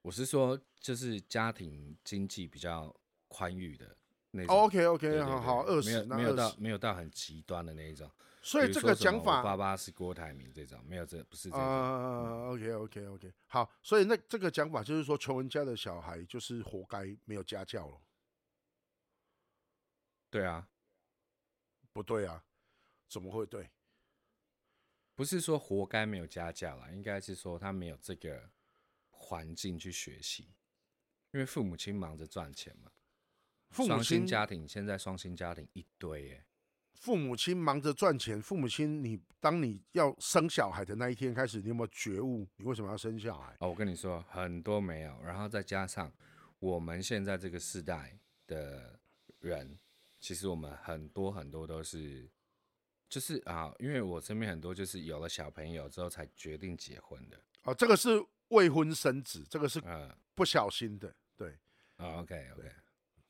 我是說，就是家庭經濟比較寬裕的那種。Oh, OK OK，好好，二十有，沒有到沒有到很極端的那一種。所以這個講法，爸爸是郭台銘這種沒有，這不是這樣。啊，uh，OK，OK，OK，好。所以那這個講法就是說，窮人家的小孩就是活該沒有家教了。對啊，不對啊，怎麼會對？不是說活該沒有家教了，應該是說他沒有這個環境去學習，因為父母親忙着賺錢嘛。父母親，雙薪家庭現在雙薪家庭一堆耶。父母親忙着賺錢，父母親你，你當你要生小孩的那一天開始，你有沒有覺悟？你為什麼要生小孩？哦，我跟你說，很多沒有。然後再加上我們現在這個世代的人，其實我們很多很多都是，就是啊，因為我身邊很多就是有了小朋友之後才決定結婚的。哦，這個是未婚生子，這個是呃，不小心的，呃、對。啊，OK，OK、哦。Okay, okay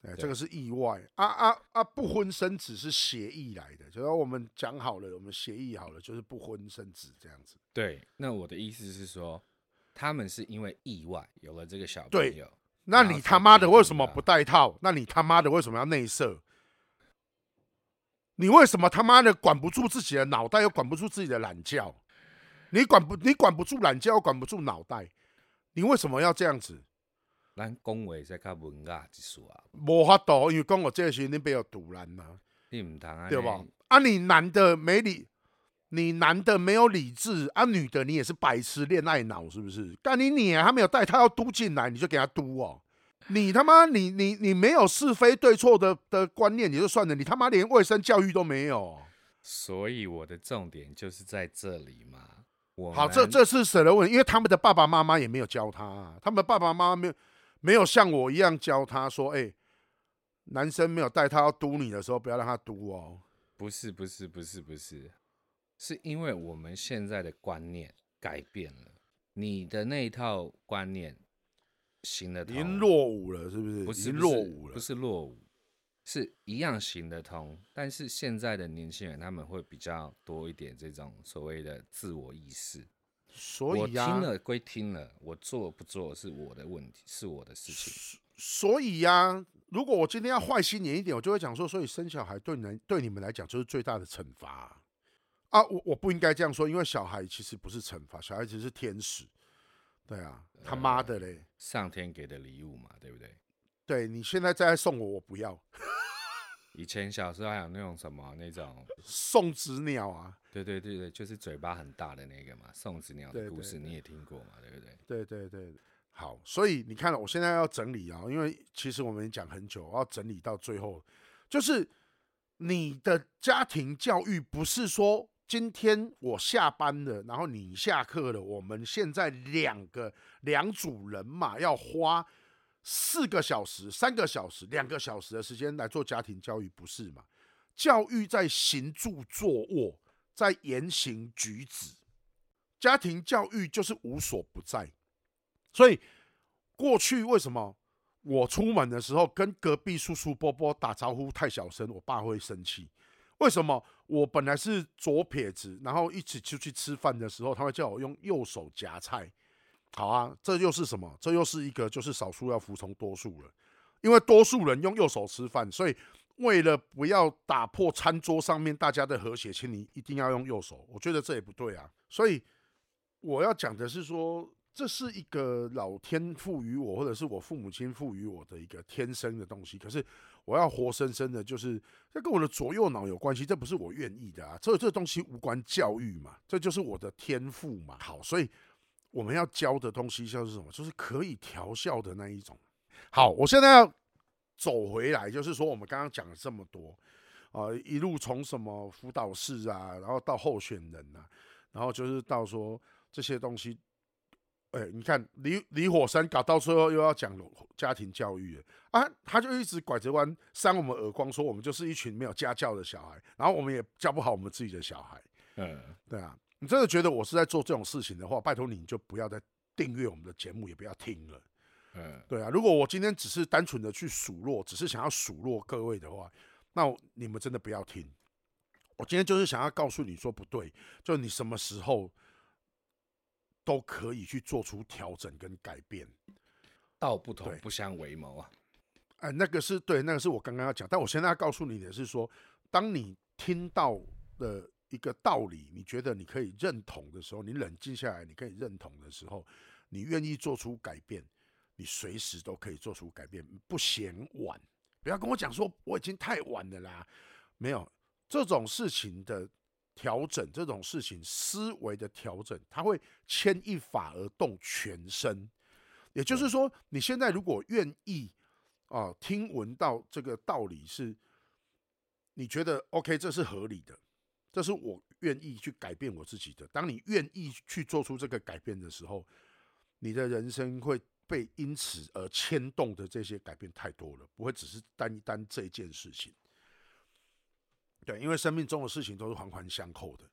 哎，欸、對這個是意外。啊啊啊！不婚生子是協議來的，就是我們講好了，我們協議好了，就是不婚生子這樣子。對，那我的意思是說，他們是因為意外有了這個小朋友。那對你他媽的為什麼不帶套？那你他媽的為什麼要內射？ 你為什麼他媽的管不住自己的腦袋，又管不住自己的懶覺？你管不你管不住懶覺，又管不住腦袋，你為什麼要這樣子？咱講話才較文雅一絲啊，無法度，因為講我這些、啊，你不要堵人嘛，你唔談啊，對吧？啊，你男的沒理，你男的沒有理智啊，女的你也是白痴戀愛腦，是不是？但你女、啊，她沒有帶，她要嘟進來，你就給她嘟哦。你他媽，你你你沒有是非對錯的的觀念，你就算了。你他媽連衛生教育都沒有、哦。所以我的重點就是在這裡嘛。我好，這這是誰的問題？因為他們的爸爸媽媽也沒有教他，他們的爸爸媽媽沒有。沒有像我一樣教他說：“哎、欸，男生沒有帶他，他要嘟你的時候，不要讓他嘟哦。”不是，不是，不是，不是，是因為我們現在的觀念改變了，你的那一套觀念行得通，已經落伍了是不是？不是，已經落伍了，不，不是落伍，是一樣行得通。但是現在的年輕人他們會比較多一點這種所謂的自我意識。所以呀、啊，我聽了歸聽了，我做不做是我的問題，是我的事情。所以呀、啊，如果我今天要壞心眼一點，我就會講說：所以生小孩對你對你們來講就是最大的懲罰啊！啊，我我不應該這樣說，因為小孩其實不是懲罰，小孩只是天使。對啊，呃、他媽的嘞！上天給的禮物嘛，對不對？對，你現在再來送我，我不要。 以前小時候還有那種什麼那種送子鳥啊，對對對對，就是嘴巴很大的那個嘛，送子鳥的故事你也聽過嘛，對不對？對對對對，對，對，好，所以你看了，我現在要整理啊，喔，因為其實我們講很久，要整理到最後，就是你的家庭教育不是說今天我下班了，然後你下課了，我們現在兩個兩組人馬要花。四個小時、三個小時、兩個小時的時間來做家庭教育，不是嗎？教育在行住坐臥，在言行舉止，家庭教育就是無所不在。所以，過去為什麼我出門的時候跟隔壁叔叔伯伯打招呼太小聲，我爸會生氣？為什麼我本來是左撇子，然後一起出去吃飯的時候，他會叫我用右手夾菜？好啊，這又是什麼？這又是一個就是少數要服從多數了，因為多數人用右手吃飯，所以為了不要打破餐桌上面大家的和諧，請你一定要用右手。我覺得這也不對啊，所以我要講的是說，這是一個老天賦予我，或者是我父母親賦予我的一個天生的東西。可是我要活生生的，就是這跟我的左右腦有關係，這不是我願意的啊。這這東西無關教育嘛，這就是我的天賦嘛。好，所以。我們要教的東西叫是什麼？就是可以調教的那一種。好，我現在要走回來，就是說我們剛剛講了這麼多，啊、呃，一路從什麼輔導室啊，然後到候選人啊，然後就是到說這些東西，哎，你看李李火山搞到最後又要講家庭教育啊，他就一直拐着彎扇我們耳光，說我們就是一群沒有家教的小孩，然後我們也教不好我們自己的小孩，嗯，對啊。真的覺得我是在做這種事情的話，拜托你就不要再訂閱我們的節目，也不要聽了。嗯，對啊。如果我今天只是單純的去數落，只是想要數落各位的話，那你們真的不要聽。我今天就是想要告訴你說，不對，就你什麼時候都可以去做出調整跟改變。道不同不相為謀啊！哎，那個是對，那個是我剛剛要講，但我現在要告訴你的是說，當你聽到的。一個道理，你覺得你可以認同的時候，你冷靜下來，你可以認同的時候，你願意做出改變，你隨時都可以做出改變，不嫌晚。不要跟我講說我已經太晚了啦，沒有。這種事情的調整，這種事情思維的調整，它會牽一髮而動全身。也就是說，你現在如果願意啊，聽聞到這個道理是，你覺得 OK，這是合理的。這是我願意去改變我自己的。當你願意去做出這個改變的時候，你的人生會被因此而牽動的這些改變太多了，不會只是單一單這一件事情。對，因為生命中的事情都是環環相扣的。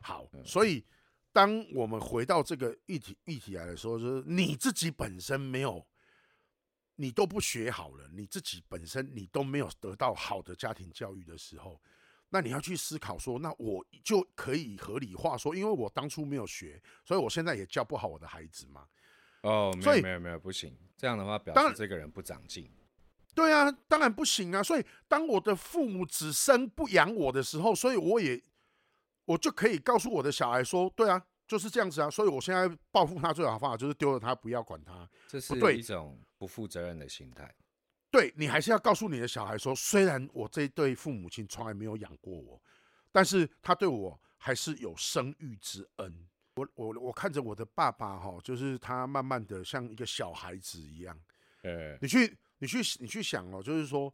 好，嗯、所以當我們回到這個議題議題來的時候，就是你自己本身沒有，你都不學好了，你自己本身你都沒有得到好的家庭教育的時候。那你要去思考說，那我就可以合理化說，因為我當初沒有學，所以我現在也教不好我的孩子嘛。哦，沒有，所以沒有沒有，不行，這樣的話表示這個人不長進。對啊，當然不行啊。所以當我的父母只生不養我的時候，所以我也我就可以告訴我的小孩說，對啊，就是這樣子啊。所以我現在報復他最好的方法就是丟了他，不要管他。這是對一種不負責任的心態。對，你還是要告訴你的小孩說，雖然我這一對父母親從來沒有養過我，但是他對我還是有生育之恩。我我我看着我的爸爸哈、喔，就是他慢慢的像一個小孩子一樣。欸欸你去你去你去想哦、喔，就是說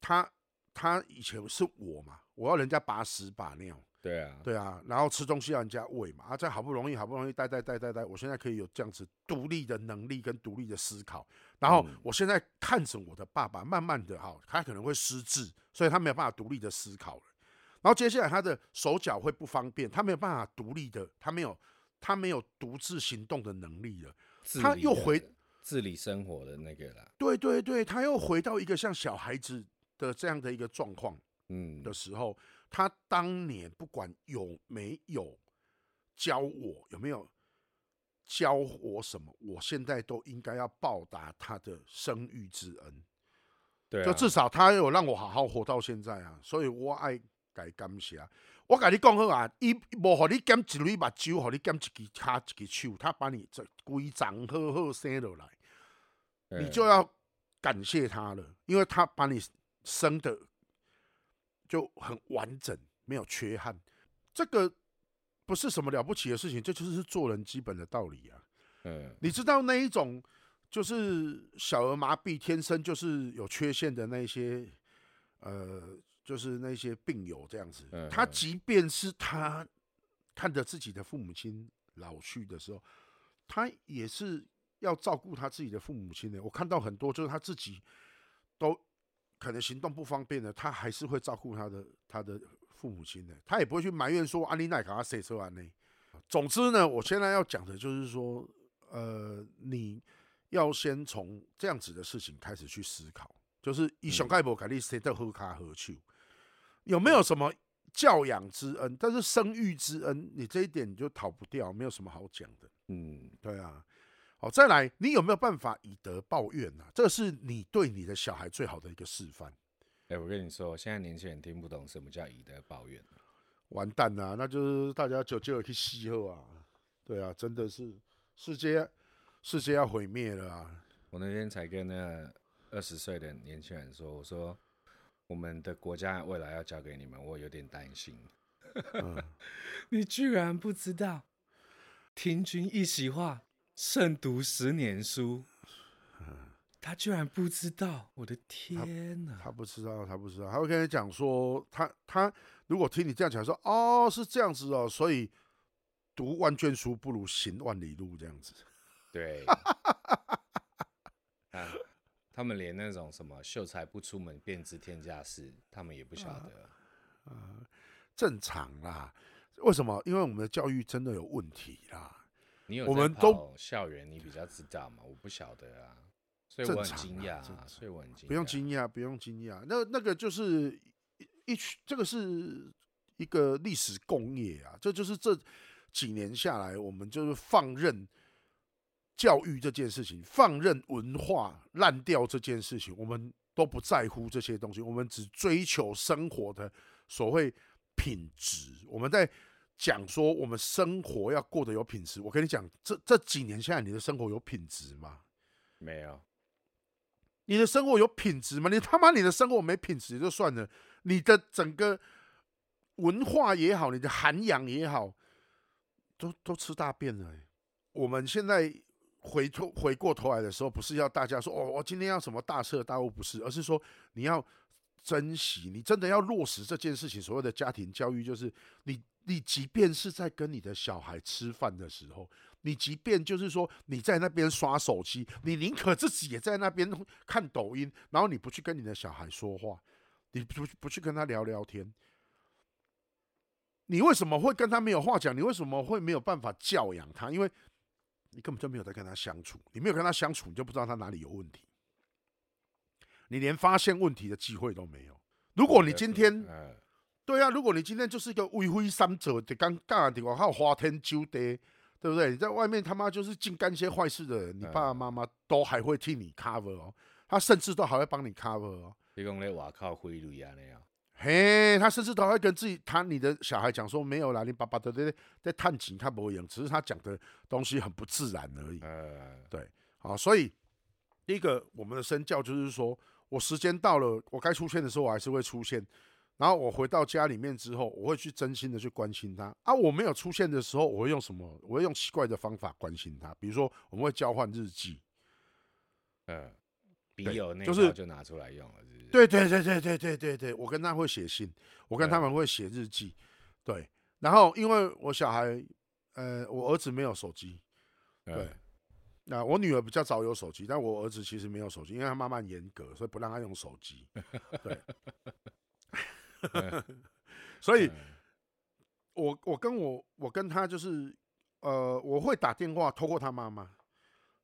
他他以前是我嘛，我要人家把屎把尿，對啊對啊，然後吃東西要人家餵嘛，啊，這好不容易好不容易帶帶帶帶帶，我現在可以有這樣子獨立的能力跟獨立的思考。然後我現在看着我的爸爸，慢慢的哈、哦，他可能會失智，所以他沒有辦法獨立的思考了。然後接下來他的手腳會不方便，他沒有辦法獨立的，他沒有，他沒有獨自行動的能力了。的他又回自理生活的那個了。對對對，他又回到一個像小孩子的這樣的一個狀況，嗯，的時候，嗯、他當年不管有沒有教我，有沒有。教我什麼，我現在都應該要報答他的生育之恩。對、啊，就至少他有讓我好好活到現在啊，所以我愛該感謝。我跟你講好啊，伊無何你減一粒目珠，何你減一支腳，一支手，他把你這規整好好生落來，欸、你就要感謝他了，因為他把你生的就很完整，沒有缺憾。這個。不是什麼了不起的事情，這就是做人基本的道理啊。嗯，你知道那一種，就是小兒麻痹天生就是有缺陷的那些，呃，就是那些病友這樣子。嗯，他即便是他看着自己的父母親老去的時候，他也是要照顧他自己的父母親的。我看到很多，就是他自己都可能行動不方便的，他還是會照顧他的他的。他的父母親的，他也不會去埋怨說安利奈卡塞車完呢。總之呢，我現在要講的就是說，呃，你要先從這樣子的事情開始去思考，就是以小概博，蓋利斯特喝咖喝酒，有沒有什麼教養之恩？嗯、但是生育之恩，你這一點你就逃不掉，沒有什麼好講的。嗯，對啊。好，再來，你有沒有辦法以德報怨啊？這是你對你的小孩最好的一個示範。欸、我跟你說，現在年輕人聽不懂什麼叫以德報怨，啊，完蛋了，啊，那就是大家就就要去死好啊！對啊，真的是世界，世界要毀滅了啊！我那天才跟那二十歲的年輕人說，我說我們的國家未來要交給你們，我有點擔心。 嗯、你居然不知道，聽君一席話，勝讀十年書。嗯他居然不知道，我的天哪！他他不知道，他不知道，他會跟你講說，他他如果聽你這樣講說，哦，是這樣子哦，所以讀萬卷書不如行萬里路這樣子。對 他，他們連那種什麼秀才不出門便知天下事，他們也不曉得啊。啊，正常啦，為什麼？因為我們的教育真的有問題啦。你有我們都校園你比較知道嘛？我不曉得啊。所以我很驚訝啊。正常，不用驚訝，不用驚訝。那那個就是一曲，這個是一個歷史共業啊。這就是這幾年下來，我們就是放任教育這件事情，放任文化爛掉這件事情，我們都不在乎這些東西，我們只追求生活的所謂品質。我們在講說，我們生活要過得有品質。我跟你講，這這幾年下來，你的生活有品質嗎？沒有。你的生活有品質嗎？你他媽，你的生活沒品質也就算了，你的整個文化也好，你的涵養也好，都都吃大便了。我們現在回頭回過頭來的時候，不是要大家說哦，我今天要什麼大徹大悟，不是，而是說你要珍惜，你真的要落實這件事情。所謂的家庭教育，就是你，你即便是在跟你的小孩吃飯的時候。你即便就是說你在那邊刷手機，你寧可自己也在那邊看抖音，然後你不去跟你的小孩說話，你不，不去跟他聊聊天，你為什麼會跟他沒有話講？你為什麼會沒有辦法教養他？因為你根本就沒有在跟他相處，你沒有跟他相處，你就不知道他哪裡有問題，你連發現問題的機會都沒有。如果你今天，嗯嗯嗯、對啊，如果你今天就是一個畏畏三者，的尷尬的還有花天酒地，對不對？你在外面他媽就是盡幹一些壞事的人，你爸爸媽媽都還會替你 cover 哦，他甚至都還會幫你 cover 哦。提供你瓦靠賄賂啊那樣。嘿，他甚至都還會跟自己他你的小孩講說，沒有啦，你爸爸在在探親，他不會用，只是他講的東西很不自然而已。嗯、對，好，所以第一個我們的身教就是說我時間到了，我該出現的時候，我還是會出現。然後我回到家裡面之後，我會去真心的去關心他啊！我沒有出現的時候，我會用什麼？我會用奇怪的方法關心他，比如說我們會交換日記，嗯，筆友對那就拿出來用了是是、就是，對對對對對對對我跟他會寫信，我跟他們會寫日記，嗯、對。然後因為我小孩，呃，我兒子沒有手機，對。那、嗯啊、我女兒比較早有手機，但我兒子其實沒有手機，因為他媽媽嚴格，所以不讓他用手機，對。 所以，嗯、我我跟我我跟他就是，呃，我會打電話透過他媽媽，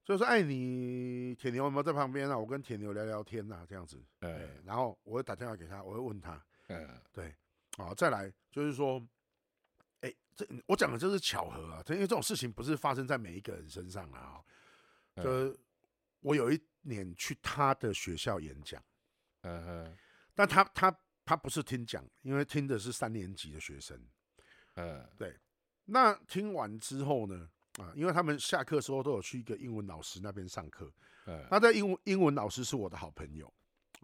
就是“哎，愛你鐵牛有沒有在旁邊啊？”我跟鐵牛聊聊天吶、啊，這樣子。哎，嗯、然後我會打電話給他，我會問他。嗯、對，好、喔，再來就是說，哎、欸，這我講的就是巧合啊，這因為這種事情不是發生在每一個人身上啊、喔。呃、就是，嗯、我有一年去他的學校演講，嗯哼，但他他。他不是聽講，因為聽的是三年級的學生，呃、嗯，對。那聽完之後呢？啊，因為他們下課時候都有去一個英文老師那邊上課，他的在英文英文老師是我的好朋友，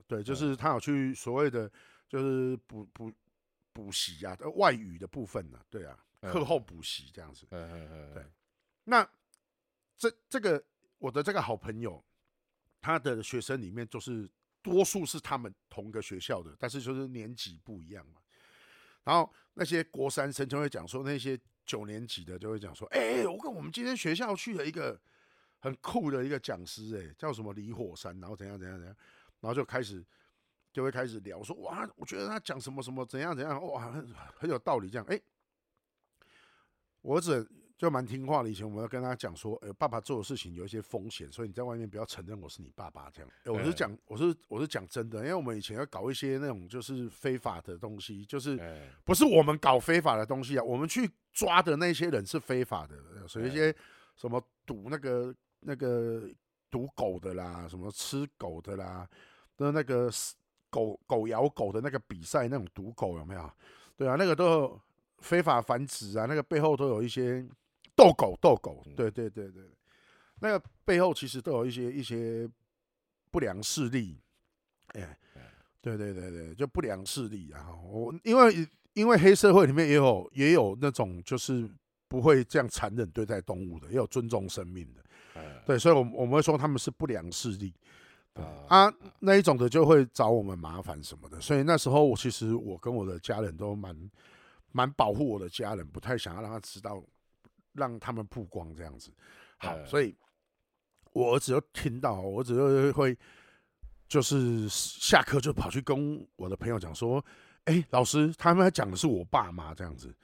對，就是他有去所謂的就是補補補習啊，外語的部分呢、啊，對啊，課後補習這樣子，嗯，嗯嗯嗯，對。那這這個我的這個好朋友，他的學生裡面就是。多數是他們同個學校的，但是就是年級不一樣嘛。然後那些國三生就會講說，那些九年級的就會講說，哎、欸，我跟我們今天學校去了一個很酷的一個講師、欸，哎，叫什麼李火山，然後怎樣怎樣怎樣，然後就開始就會開始聊說，說哇，我覺得他講什麼什麼怎樣怎樣，哇，很有道理這樣。哎、欸，我兒子。就蠻聽話的。以前我們要跟他講說、欸：“爸爸做的事情有一些風險，所以你在外面不要承認我是你爸爸。”這樣，我是講，我是講、欸、我是講真的。因為我們以前要搞一些那種就是非法的東西，就是不是我們搞非法的東西啊，我們去抓的那些人是非法的。所以一些什麼賭那個那個賭狗的啦，什麼吃狗的啦，那那個狗狗咬狗的那個比賽那種賭狗有沒有？對啊，那個都非法繁殖啊，那個背後都有一些。鬥狗，鬥狗，對對對對，那個背後其實都有一些一些不良勢力，哎、欸，欸、對對對對，就不良勢力啊！我因為因為黑社會裡面也有也有那種就是不會這樣殘忍對待動物的，也有尊重生命的，欸、對，所以我，我我們會說他們是不良勢力，嗯、啊，啊那一種的就會找我們麻煩什麼的。所以那時候我其實我跟我的家人都蠻蠻保護我的家人，不太想要讓他知道。讓他們曝光這樣子，好，所以我兒子又聽到，我兒子就會就是下課就跑去跟我的朋友講說：“哎，老師，他們還講的是我爸媽這樣子。”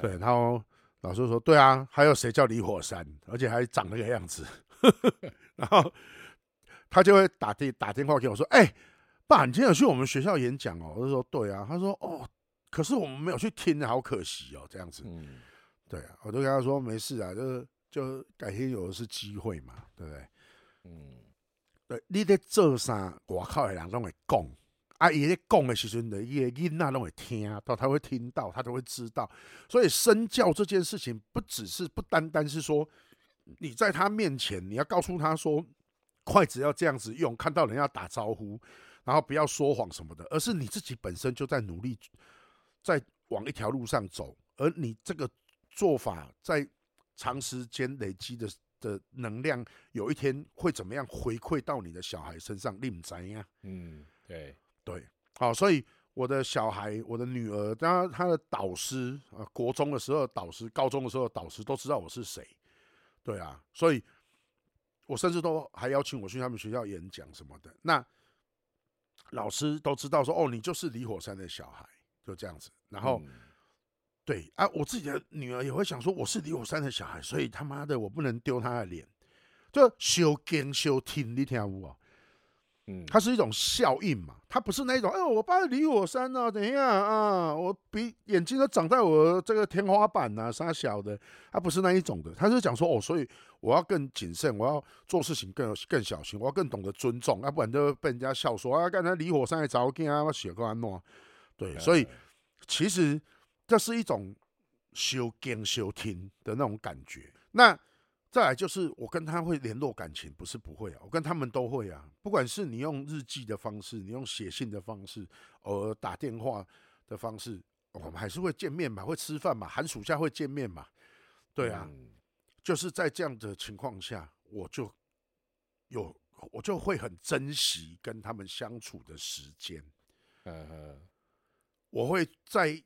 對，然後老師說：“對啊，還有誰叫李火山，而且還長那個樣子。 ”然後他就會打電打電話給我，說：“哎，爸，你今天有去我們學校演講哦？”我就說：“對啊。”他說：“哦，可是我們沒有去聽，好可惜哦。”這樣子。對啊，我都跟他說沒事啊，就是就改天有的是機會嘛，對不對？嗯，對，你在做啥，我靠，人家攏會講，阿、啊、姨在講的時陣的，爺因啊，會聽到，他會聽到，他都會知道。所以身教這件事情，不只是不單單是說你在他面前，你要告訴他說筷子要這樣子用，看到人要打招呼，然後不要說謊什麼的，而是你自己本身就在努力，在往一條路上走，而你這個。做法在長時間累積的的能量，有一天會怎麼樣回饋到你的小孩身上？你不知道啊，嗯，對對，好，啊，所以我的小孩，我的女兒，她她的導師啊，國中的時候的導師，高中的時候的導師都知道我是誰，對啊，所以我甚至都還邀請我去他們學校演講什麼的。那老師都知道說，哦，你就是李火山的小孩，就這樣子。然後。嗯對啊，我自己的女兒也會想說，我是李火山的小孩，所以他媽的我不能丟她的臉，就修根修聽你聽到沒有哦，嗯，她是一種效應嘛，她不是那一種，哎、欸、呦，我爸的李火山吶，等一下啊？我比眼睛都長在我這個天花板啊。啥小的，她、啊、不是那一種的，她是講說哦，所以我要更謹慎，我要做事情更更小心，我要更懂得尊重，她、啊、不然就會被人家笑說啊，剛才李火山的，找根啊，我寫過安啊。」對，嘿嘿嘿所以其實。這是一種收驚收聽的那種感覺。那再來就是，我跟他會聯絡感情，不是不會啊，我跟他們都會啊。不管是你用日記的方式，你用寫信的方式，偶爾打電話的方式、哦，我們還是會見面嘛，會吃飯嘛，寒暑假會見面嘛。對啊，嗯、就是在這樣的情況下，我就有我就會很珍惜跟他們相處的時間。呵呵我會在。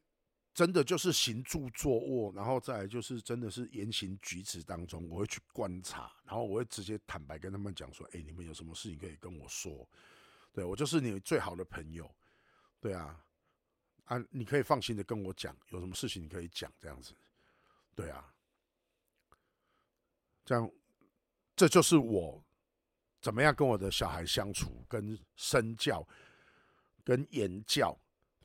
真的就是行住坐臥，然後再來就是真的是言行舉止當中，我會去觀察，然後我會直接坦白跟他們講說，哎，你們有什麼事情可以跟我說？對，我就是你最好的朋友，對啊，啊，你可以放心的跟我講，有什麼事情你可以講，這樣子，對啊，這樣，這就是我怎麼樣跟我的小孩相處，跟身教，跟言教。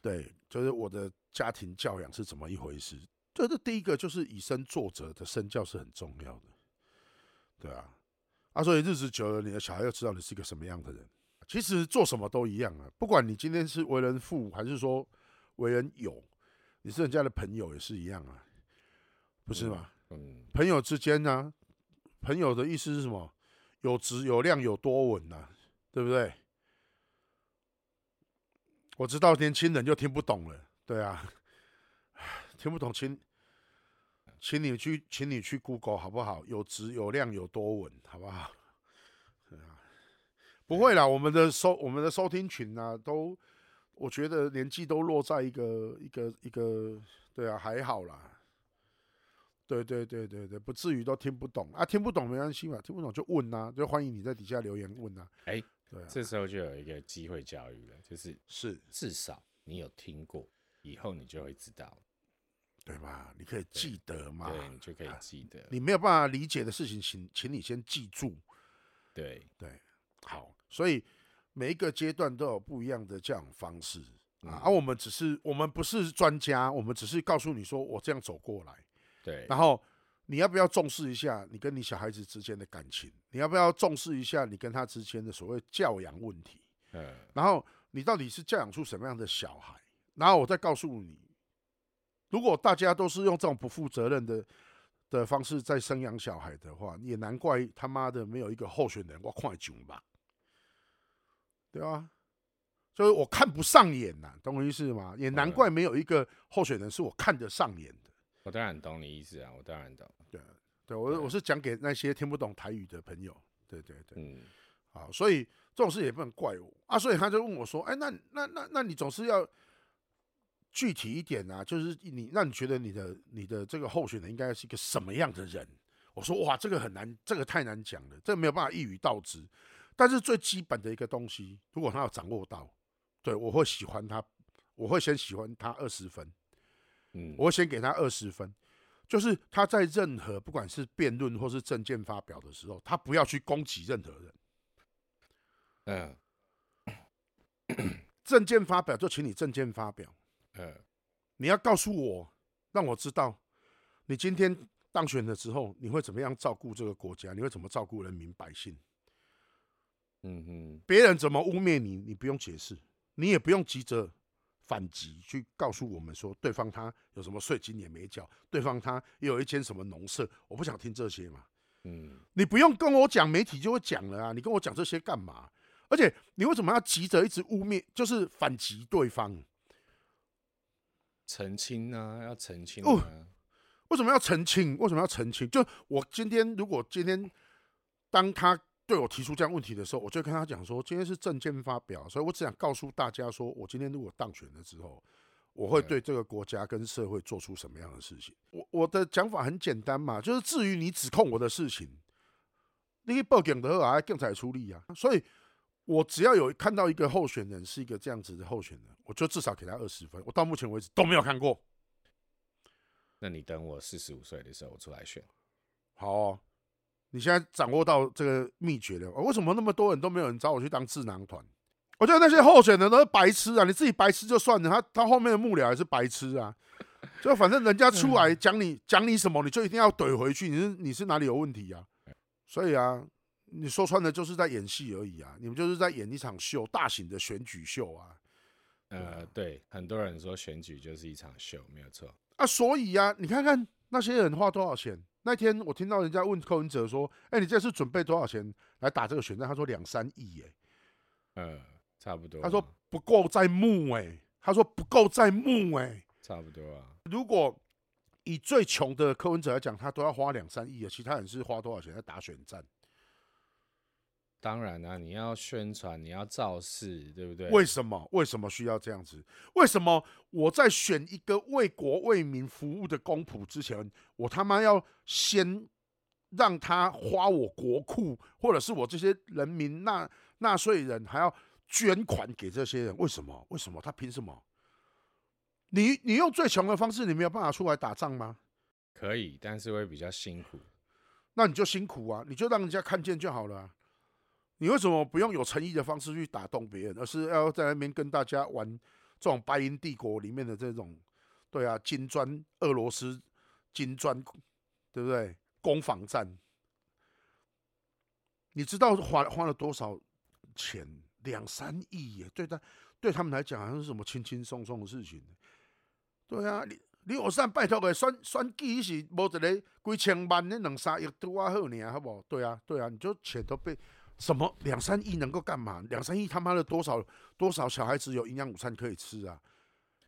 對，就是我的家庭教養是怎麼一回事？就這第一個就是以身作則的身教是很重要的，對啊，啊，所以日子久了，你的小孩就知道你是個什麼樣的人。其實做什麼都一樣啊，不管你今天是為人父，還是說為人友，你是人家的朋友也是一樣啊，不是嗎？嗯，嗯朋友之間呢、啊，朋友的意思是什麼？有質有量有多穩呢、啊？對不對？我知道年輕人就聽不懂了，對啊，聽不懂，請，請你去，請你去 Google 好不好？有質有量有多穩，好不好，啊？不會啦，我們的收我們的收聽群呢，啊，都我覺得年紀都落在一個一個一個，對啊，還好啦，對對對對對，不至於都聽不懂啊，聽不懂沒關係嘛，聽不懂就問啦，啊，就歡迎你在底下留言問啦，啊。哎、欸。對、啊，這時候就有一個機會教育了，就是是至少你有聽過，是以後你就會知道，對吧？你可以記得嘛，對，對，你就可以記得、啊。你沒有辦法理解的事情，請請你先記住，對對。對好，所以每一個階段都有不一樣的教養方式啊，而、嗯啊、我們只是我們不是專家，我們只是告訴你說我這樣走過來，對，然後。你要不要重視一下你跟你小孩子之間的感情？你要不要重視一下你跟他之間的所謂教養問題？嗯，然後你到底是教養出什麼樣的小孩？然後我再告訴你，如果大家都是用這種不負責任的的方式在生養小孩的話，也難怪他媽的沒有一個候選人我看中吧？對吧，啊？就是我看不上眼吶，啊，懂我意思嗎？也難怪沒有一個候選人是我看得上眼。我當然懂你意思啊，我當然懂。對，對我我是講給那些聽不懂台語的朋友。對對對，嗯、好，所以這種事也不能怪我啊。所以他就問我說：“哎、欸，那那那那你總是要具體一點啊？就是你那你覺得你的你的這個候選人應該是一個什麼樣的人？”我說：“哇，這個很難，這個太難講了，這個、沒有辦法一語道之。但是最基本的一個東西，如果他要掌握到，對我會喜歡他，我會先喜歡他二十分。”我先給他二十分，就是他在任何不管是辯論或是政見發表的時候，他不要去攻擊任何人。嗯，政見發表就請你政見發表。嗯，你要告訴我，讓我知道，你今天當選的時候你會怎麼樣照顧這個國家？你會怎麼照顧人民百姓？嗯哼，別人怎麼汙衊你，你不用解釋，你也不用急着。反擊去告訴我們說，對方他有什麼稅金也沒繳，對方他也有一間什麼農舍，我不想聽這些嘛。嗯，你不用跟我講，媒體就會講了啊。你跟我講這些幹嘛？而且你為什麼要急着一直污衊，就是反擊對方？澄清啊，要澄清啊。哦，為什麼要澄清？為什麼要澄清？就我今天，如果今天當他。對我提出這樣問題的時候，我就跟他講說，今天是政見發表，所以我只想告訴大家說，我今天如果當選了之後，我會對這個國家跟社會做出什麼樣的事情。我我的講法很簡單嘛，就是至於你指控我的事情，你報警的後啊更才出力啊，所以我只要有看到一個候選人是一個這樣子的候選人，我就至少給他二十分。我到目前為止都沒有看過。那你等我四十五歲的時候，我出來選，好哦。你現在掌握到這個秘訣了，啊？為什麼那麼多人都沒有人找我去當智囊團？我覺得那些候選人都是白痴啊！你自己白痴就算了，他他後面的幕僚也是白痴啊！就反正人家出來講你講、嗯、你什麼，你就一定要懟回去，你是你是哪裡有問題啊？所以啊，你說穿了就是在演戲而已啊，你們就是在演一場秀，大型的選舉秀啊。呃，對，很多人說選舉就是一場秀，沒有錯。啊，所以呀、啊，你看看。那些人花多少錢？那天我聽到人家問柯文哲說：“哎、欸，你這次準備多少錢來打這個選戰？”他說、欸：“兩三億。”哎，呃，差不多。他說不夠再募，哎，他說不夠再募，哎，差不多啊。如果以最窮的柯文哲來講，他都要花兩三億啊、欸。其他人是花多少錢在打選戰？當然啦、啊，你要宣傳，你要造勢，對不對？為什麼？為什麼需要這樣子？為什麼我在選一個為國為民服務的公僕之前，我他媽要先讓他花我國庫，或者是我這些人民納納稅人還要捐款給這些人？為什麼？為什麼？他憑什麼？你你用最窮的方式，你沒有辦法出來打仗嗎？可以，但是會比較辛苦。那你就辛苦啊，你就讓人家看見就好了、啊。你為什麼不用有誠意的方式去打動別人，而是要在那邊跟大家玩這種《白銀帝國》裡面的這種對啊，金磚俄羅斯金磚，對不對？攻防戰，你知道花花了多少錢？兩三億耶！對他對他們來講，好像是什麼輕輕鬆鬆的事情。對啊，你你我上拜托個，算算計是沒一個幾千萬，那兩三億都還好呢，好不好？對啊，對啊，你就錢都被。什麼兩三億能夠幹嘛？兩三億他媽的多少多少小孩子有營養午餐可以吃啊？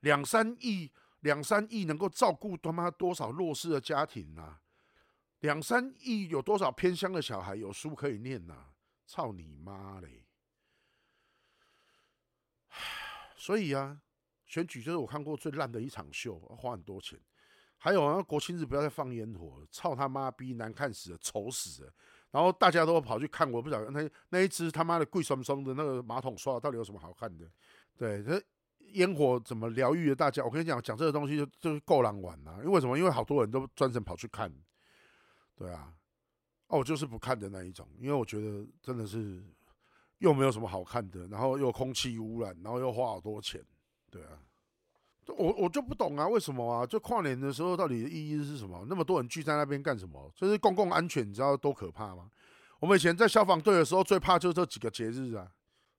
兩三億兩三億能夠照顧他媽多少弱勢的家庭啊！兩三億有多少偏鄉的小孩有書可以念吶啊？操你媽嘞！所以啊，選舉就是我看過最爛的一場秀，要花很多錢。還有啊，國慶日不要再放煙火，操他媽逼，難看死了，醜死了。然後大家都跑去看，我不曉得那那一只他媽的貴松松的那個馬桶刷到底有什麼好看的？對，這煙火怎麼療癒了大家？我跟你講講這個東西就夠難玩了、啊，因為什麼？因為好多人都專程跑去看，對啊，哦、啊，我就是不看的那一種，因為我覺得真的是又沒有什麼好看的，然後又空氣污染，然後又花好多錢，對啊。我我就不懂啊，為什麼啊？就跨年的時候到底的意義是什麼？那麼多人聚在那邊幹什麼？這、就是公共安全，你知道多可怕嗎？我們以前在消防隊的時候最怕就是這幾個節日啊，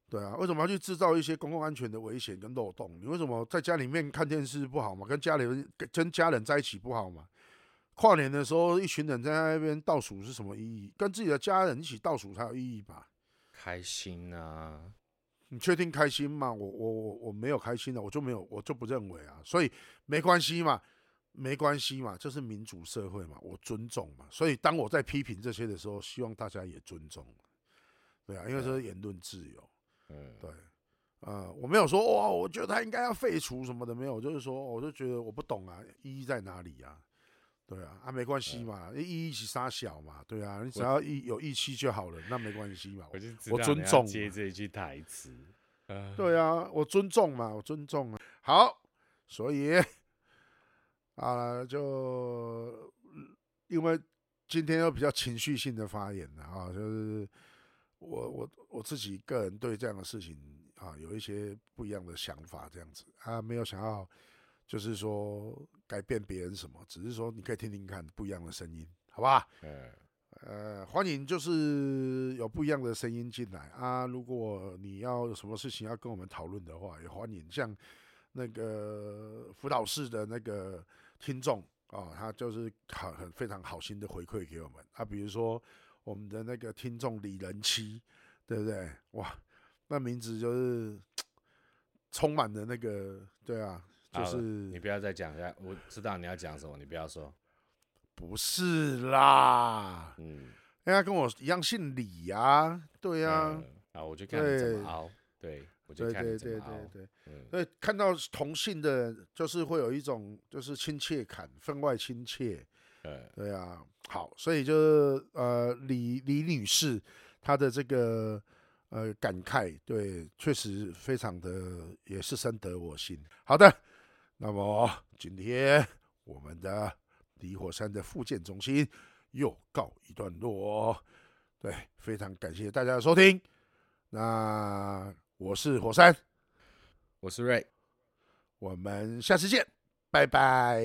對啊。為什麼要去製造一些公共安全的危險跟漏洞？你為什麼在家裡面看電視不好嗎？跟家裡人跟家人在一起不好嗎？跨年的時候一群人在那邊倒數是什麼意義？跟自己的家人一起倒數才有意義吧？開心啊！你確定開心嗎？我我我我沒有開心的，我就沒有，我就不認為啊，所以沒關係嘛，沒關係嘛，這、就是民主社會嘛，我尊重嘛，所以當我在批評這些的時候，希望大家也尊重，對啊，因為這是言論自由，啊、對嗯，對，呃，我沒有說哇，我覺得他應該要廢除什麼的，沒有，我就是說，我就覺得我不懂啊，意義在哪裡啊？對啊，啊，沒關係嘛，一一起殺小嘛，對啊，你只要一有義氣就好了，我那沒關係嘛，我,我尊重接這一句台詞，對啊，我尊重嘛，我尊重啊，好，所以啊，就因為今天有比較情緒性的發言啊，就是我我我自己個人對這樣的事情啊有一些不一樣的想法，這樣子啊，沒有想要。就是說改變別人什麼，只是說你可以聽聽看不一樣的聲音，好吧？嗯，呃，歡迎就是有不一樣的聲音進來啊。如果你要有什麼事情要跟我們討論的話，也歡迎。像那個輔導室的那個聽眾啊，他就是很很非常好心的回饋給我們啊。比如說我們的那個聽眾李仁七，對不對？哇，那名字就是充滿了那個，對啊。就是你不要再講，我知道你要講什麼，你不要說。不是啦，嗯，人家跟我一樣姓李啊，對呀，啊，我就看這麼好，對，我就看怎麼好，對，所以看到同姓的，就是會有一種就是親切感，分外親切，對，對啊，好，所以就是呃，李李女士她的這個呃感慨，對，確實非常的也是深得我心。好的。那麼今天我們的李火山的腹賤中心又告一段落，對，非常感謝大家的收聽。那我是火山，我是 Ray，我們下次見，拜拜。